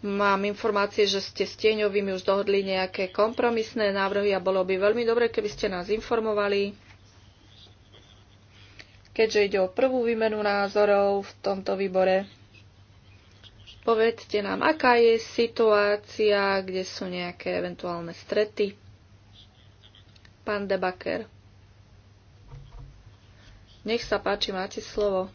Mám informácie, že ste s Tieňovými už dohodli nejaké kompromisné návrhy a bolo by veľmi dobre, keby ste nás informovali. Keďže ide o prvú výmenu názorov v tomto výbore, povedzte nám, aká je situácia, kde sú nejaké eventuálne strety. Pán Debaker. Nech sa páči, máte slovo.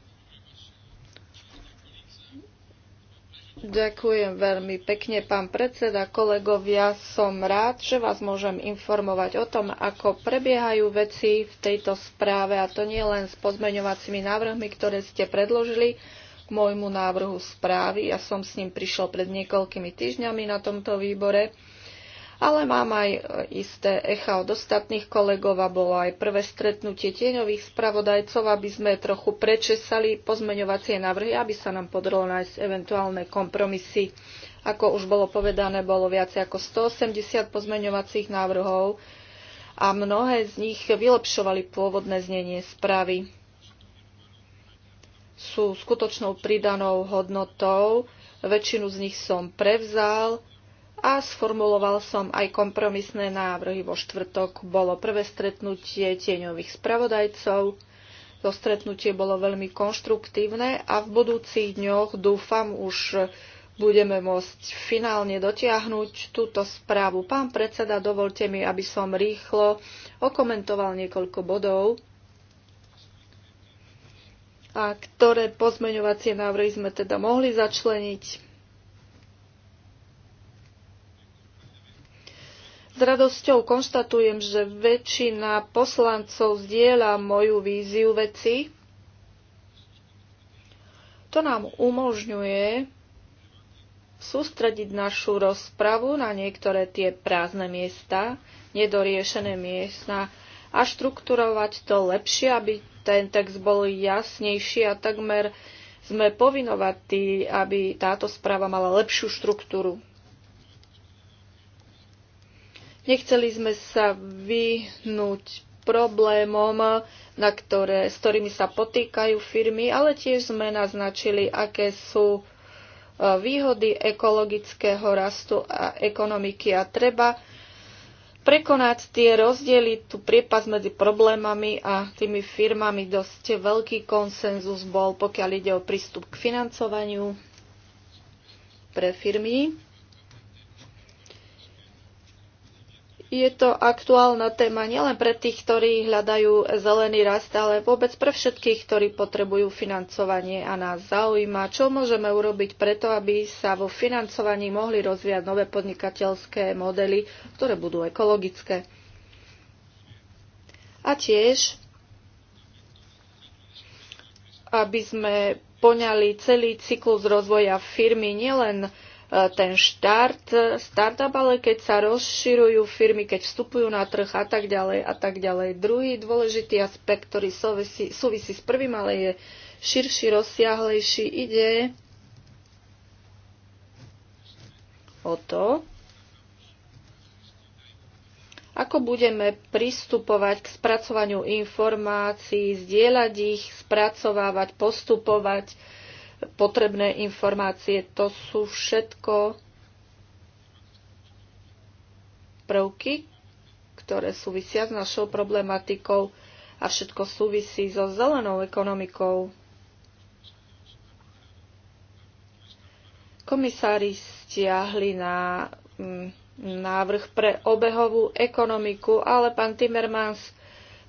Ďakujem veľmi pekne, pán predseda, kolegovia. Som rád, že vás môžem informovať o tom, ako prebiehajú veci v tejto správe, a to nie len s pozmeňovacími návrhmi, ktoré ste predložili k môjmu návrhu správy. Ja som s ním prišiel pred niekoľkými týždňami na tomto výbore ale mám aj e, isté echa od ostatných kolegov a bolo aj prvé stretnutie tieňových spravodajcov, aby sme trochu prečesali pozmeňovacie návrhy, aby sa nám podarilo nájsť eventuálne kompromisy. Ako už bolo povedané, bolo viac ako 180 pozmeňovacích návrhov a mnohé z nich vylepšovali pôvodné znenie správy. Sú skutočnou pridanou hodnotou, väčšinu z nich som prevzal, a sformuloval som aj kompromisné návrhy. Vo štvrtok bolo prvé stretnutie tieňových spravodajcov. To stretnutie bolo veľmi konštruktívne a v budúcich dňoch dúfam už budeme môcť finálne dotiahnuť túto správu. Pán predseda, dovolte mi, aby som rýchlo okomentoval niekoľko bodov, a ktoré pozmeňovacie návrhy sme teda mohli začleniť S radosťou konštatujem, že väčšina poslancov zdieľa moju víziu veci. To nám umožňuje sústrediť našu rozpravu na niektoré tie prázdne miesta, nedoriešené miesta a štrukturovať to lepšie, aby ten text bol jasnejší a takmer sme povinovatí, aby táto správa mala lepšiu štruktúru. Nechceli sme sa vyhnúť problémom, na ktoré, s ktorými sa potýkajú firmy, ale tiež sme naznačili, aké sú e, výhody ekologického rastu a ekonomiky a treba prekonať tie rozdiely, tú priepas medzi problémami a tými firmami. Dosť veľký konsenzus bol, pokiaľ ide o prístup k financovaniu pre firmy je to aktuálna téma nielen pre tých, ktorí hľadajú zelený rast, ale vôbec pre všetkých, ktorí potrebujú financovanie a nás zaujíma, čo môžeme urobiť preto, aby sa vo financovaní mohli rozvíjať nové podnikateľské modely, ktoré budú ekologické. A tiež, aby sme poňali celý cyklus rozvoja firmy, nielen E, ten štart, startup, ale keď sa rozširujú firmy, keď vstupujú na trh a tak ďalej a tak ďalej. Druhý dôležitý aspekt, ktorý súvisí, súvisí s prvým, ale je širší, rozsiahlejší, ide o to, ako budeme pristupovať k spracovaniu informácií, zdieľať ich, spracovávať, postupovať, potrebné informácie. To sú všetko prvky, ktoré súvisia s našou problematikou a všetko súvisí so zelenou ekonomikou. Komisári stiahli na mm, návrh pre obehovú ekonomiku, ale pán Timmermans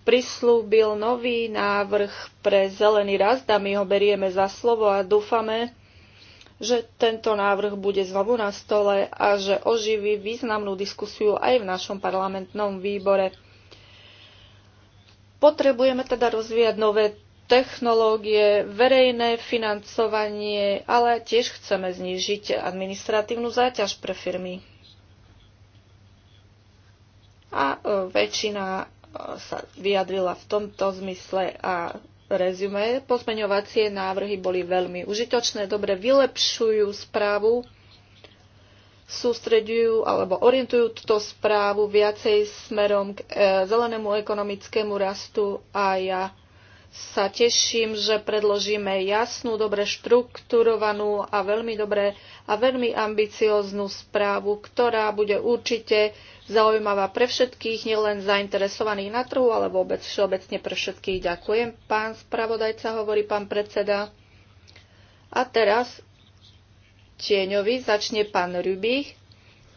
prislúbil nový návrh pre zelený rast a my ho berieme za slovo a dúfame, že tento návrh bude znovu na stole a že oživí významnú diskusiu aj v našom parlamentnom výbore. Potrebujeme teda rozvíjať nové technológie, verejné financovanie, ale tiež chceme znížiť administratívnu záťaž pre firmy. A e, väčšina sa vyjadrila v tomto zmysle a rezume. Pozmeňovacie návrhy boli veľmi užitočné, dobre vylepšujú správu, sústredujú alebo orientujú túto správu viacej smerom k e, zelenému ekonomickému rastu a ja sa teším, že predložíme jasnú, dobre štrukturovanú a veľmi dobre a veľmi ambicióznu správu, ktorá bude určite zaujímavá pre všetkých, nielen zainteresovaných na trhu, ale vôbec všeobecne pre všetkých. Ďakujem, pán spravodajca, hovorí pán predseda. A teraz tieňovi začne pán Rybich.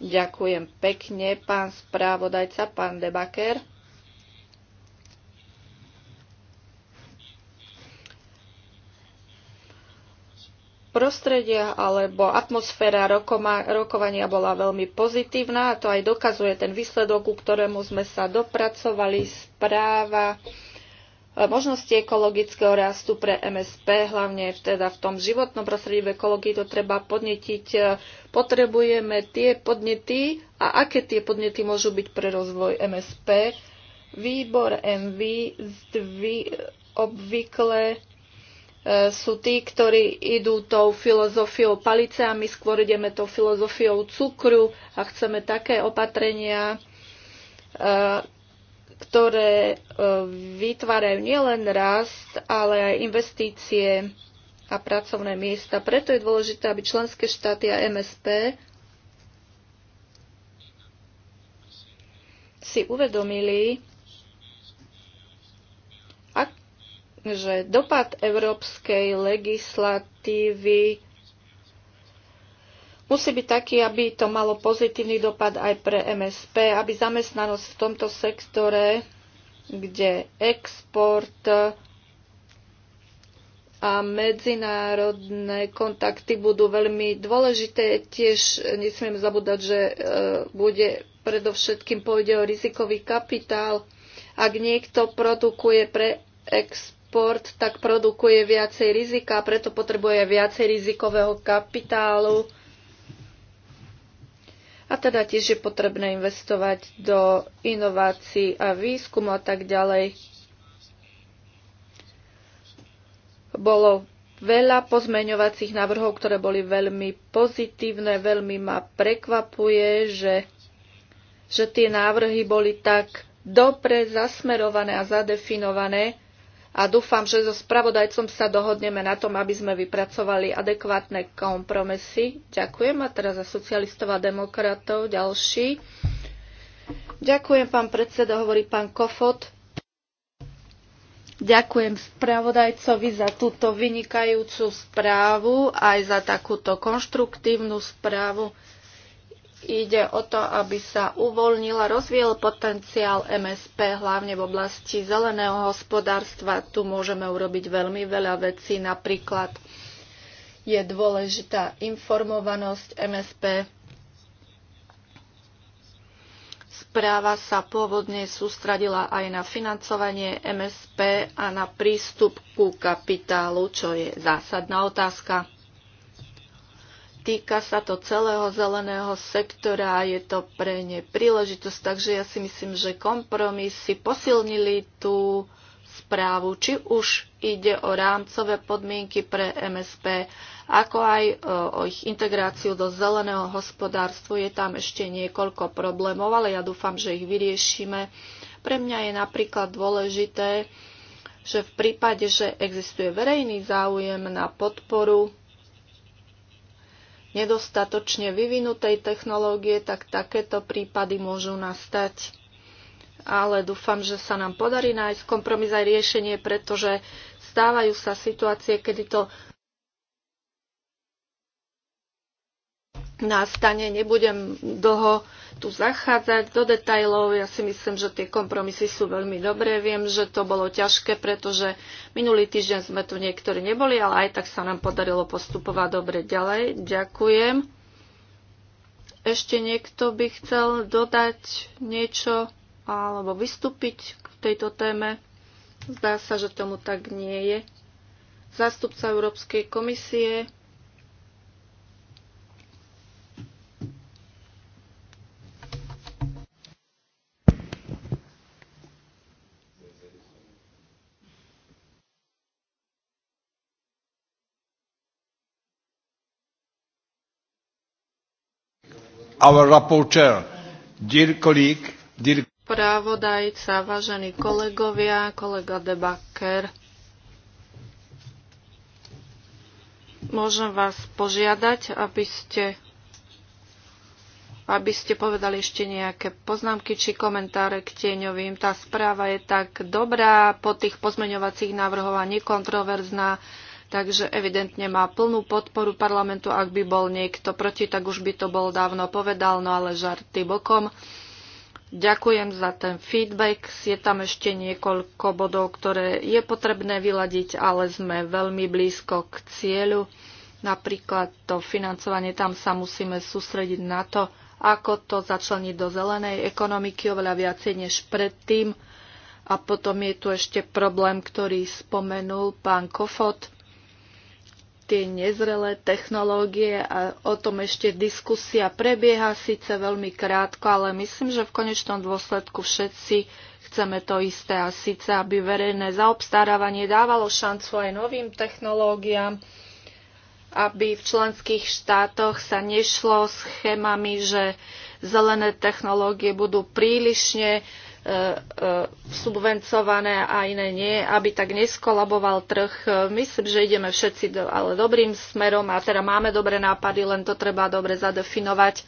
Ďakujem pekne, pán správodajca, pán Debaker. prostredia alebo atmosféra rokoma, rokovania bola veľmi pozitívna a to aj dokazuje ten výsledok, ku ktorému sme sa dopracovali správa e, možnosti ekologického rastu pre MSP, hlavne teda v tom životnom prostredí v ekológii to treba podnetiť. E, potrebujeme tie podnety a aké tie podnety môžu byť pre rozvoj MSP. Výbor MV obvykle E, sú tí, ktorí idú tou filozofiou palice a my skôr ideme tou filozofiou cukru a chceme také opatrenia, e, ktoré e, vytvárajú nielen rast, ale aj investície a pracovné miesta. Preto je dôležité, aby členské štáty a MSP si uvedomili, že dopad európskej legislatívy musí byť taký, aby to malo pozitívny dopad aj pre MSP, aby zamestnanosť v tomto sektore, kde export a medzinárodné kontakty budú veľmi dôležité. Tiež nesmiem zabúdať, že e, bude predovšetkým pôjde o rizikový kapitál. Ak niekto produkuje pre export, šport, tak produkuje viacej rizika, preto potrebuje viacej rizikového kapitálu. A teda tiež je potrebné investovať do inovácií a výskumu a tak ďalej. Bolo veľa pozmeňovacích návrhov, ktoré boli veľmi pozitívne. Veľmi ma prekvapuje, že, že tie návrhy boli tak dobre zasmerované a zadefinované, a dúfam, že so spravodajcom sa dohodneme na tom, aby sme vypracovali adekvátne kompromisy. Ďakujem a teraz za socialistov a demokratov ďalší. Ďakujem, pán predseda, hovorí pán Kofot. Ďakujem spravodajcovi za túto vynikajúcu správu, aj za takúto konštruktívnu správu. Ide o to, aby sa uvoľnil a rozvíjel potenciál MSP, hlavne v oblasti zeleného hospodárstva. Tu môžeme urobiť veľmi veľa vecí. Napríklad je dôležitá informovanosť MSP. Správa sa pôvodne sústradila aj na financovanie MSP a na prístup ku kapitálu, čo je zásadná otázka. Týka sa to celého zeleného sektora a je to pre ne príležitosť, takže ja si myslím, že kompromisy posilnili tú správu, či už ide o rámcové podmienky pre MSP, ako aj o, e, o ich integráciu do zeleného hospodárstvu. Je tam ešte niekoľko problémov, ale ja dúfam, že ich vyriešime. Pre mňa je napríklad dôležité, že v prípade, že existuje verejný záujem na podporu nedostatočne vyvinutej technológie, tak takéto prípady môžu nastať. Ale dúfam, že sa nám podarí nájsť kompromis aj riešenie, pretože stávajú sa situácie, kedy to nastane. Nebudem dlho tu zachádzať do detajlov. Ja si myslím, že tie kompromisy sú veľmi dobré. Viem, že to bolo ťažké, pretože minulý týždeň sme tu niektorí neboli, ale aj tak sa nám podarilo postupovať dobre ďalej. Ďakujem. Ešte niekto by chcel dodať niečo alebo vystúpiť k tejto téme? Zdá sa, že tomu tak nie je. Zástupca Európskej komisie our rapporteur, dear colleague, dear... Pravodajca, vážení kolegovia, kolega Debaker. Môžem vás požiadať, aby ste, aby ste povedali ešte nejaké poznámky či komentáre k tieňovým. Tá správa je tak dobrá po tých pozmeňovacích návrhov a nekontroverzná takže evidentne má plnú podporu parlamentu. Ak by bol niekto proti, tak už by to bol dávno povedal, no ale žarty bokom. Ďakujem za ten feedback. Je tam ešte niekoľko bodov, ktoré je potrebné vyladiť, ale sme veľmi blízko k cieľu. Napríklad to financovanie, tam sa musíme sústrediť na to, ako to začleniť do zelenej ekonomiky oveľa viacej než predtým. A potom je tu ešte problém, ktorý spomenul pán Kofot tie nezrelé technológie a o tom ešte diskusia prebieha síce veľmi krátko, ale myslím, že v konečnom dôsledku všetci chceme to isté a síce, aby verejné zaobstarávanie dávalo šancu aj novým technológiám, aby v členských štátoch sa nešlo schémami, že zelené technológie budú prílišne E, e, subvencované a iné nie, aby tak neskolaboval trh. E, myslím, že ideme všetci do, ale dobrým smerom a teda máme dobré nápady, len to treba dobre zadefinovať.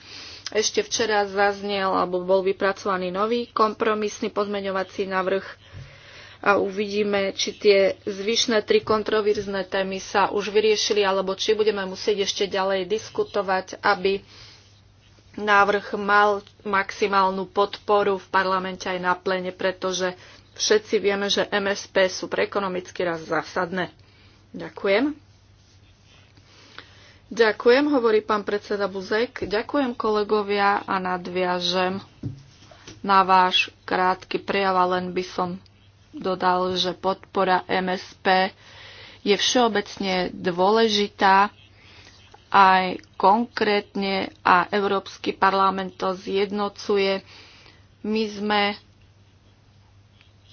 Ešte včera zaznel, alebo bol vypracovaný nový kompromisný pozmeňovací návrh a uvidíme, či tie zvyšné tri kontroverzné témy sa už vyriešili, alebo či budeme musieť ešte ďalej diskutovať, aby návrh mal maximálnu podporu v parlamente aj na plene, pretože všetci vieme, že MSP sú pre ekonomický raz zásadné. Ďakujem. Ďakujem, hovorí pán predseda Buzek. Ďakujem kolegovia a nadviažem na váš krátky prejav, len by som dodal, že podpora MSP je všeobecne dôležitá aj konkrétne a Európsky parlament to zjednocuje. My sme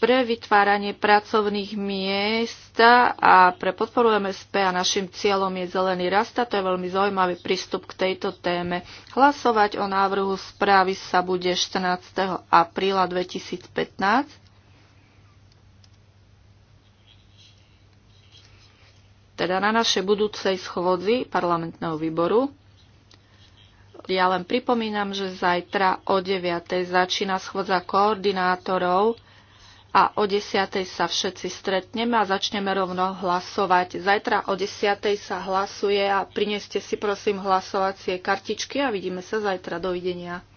pre vytváranie pracovných miest a pre podporu MSP a našim cieľom je zelený rast a to je veľmi zaujímavý prístup k tejto téme. Hlasovať o návrhu správy sa bude 14. apríla 2015 Teda na našej budúcej schôdzi parlamentného výboru ja len pripomínam, že zajtra o 9. začína schôdza koordinátorov a o 10. sa všetci stretneme a začneme rovno hlasovať. Zajtra o 10. sa hlasuje a prineste si prosím hlasovacie kartičky a vidíme sa zajtra. Dovidenia.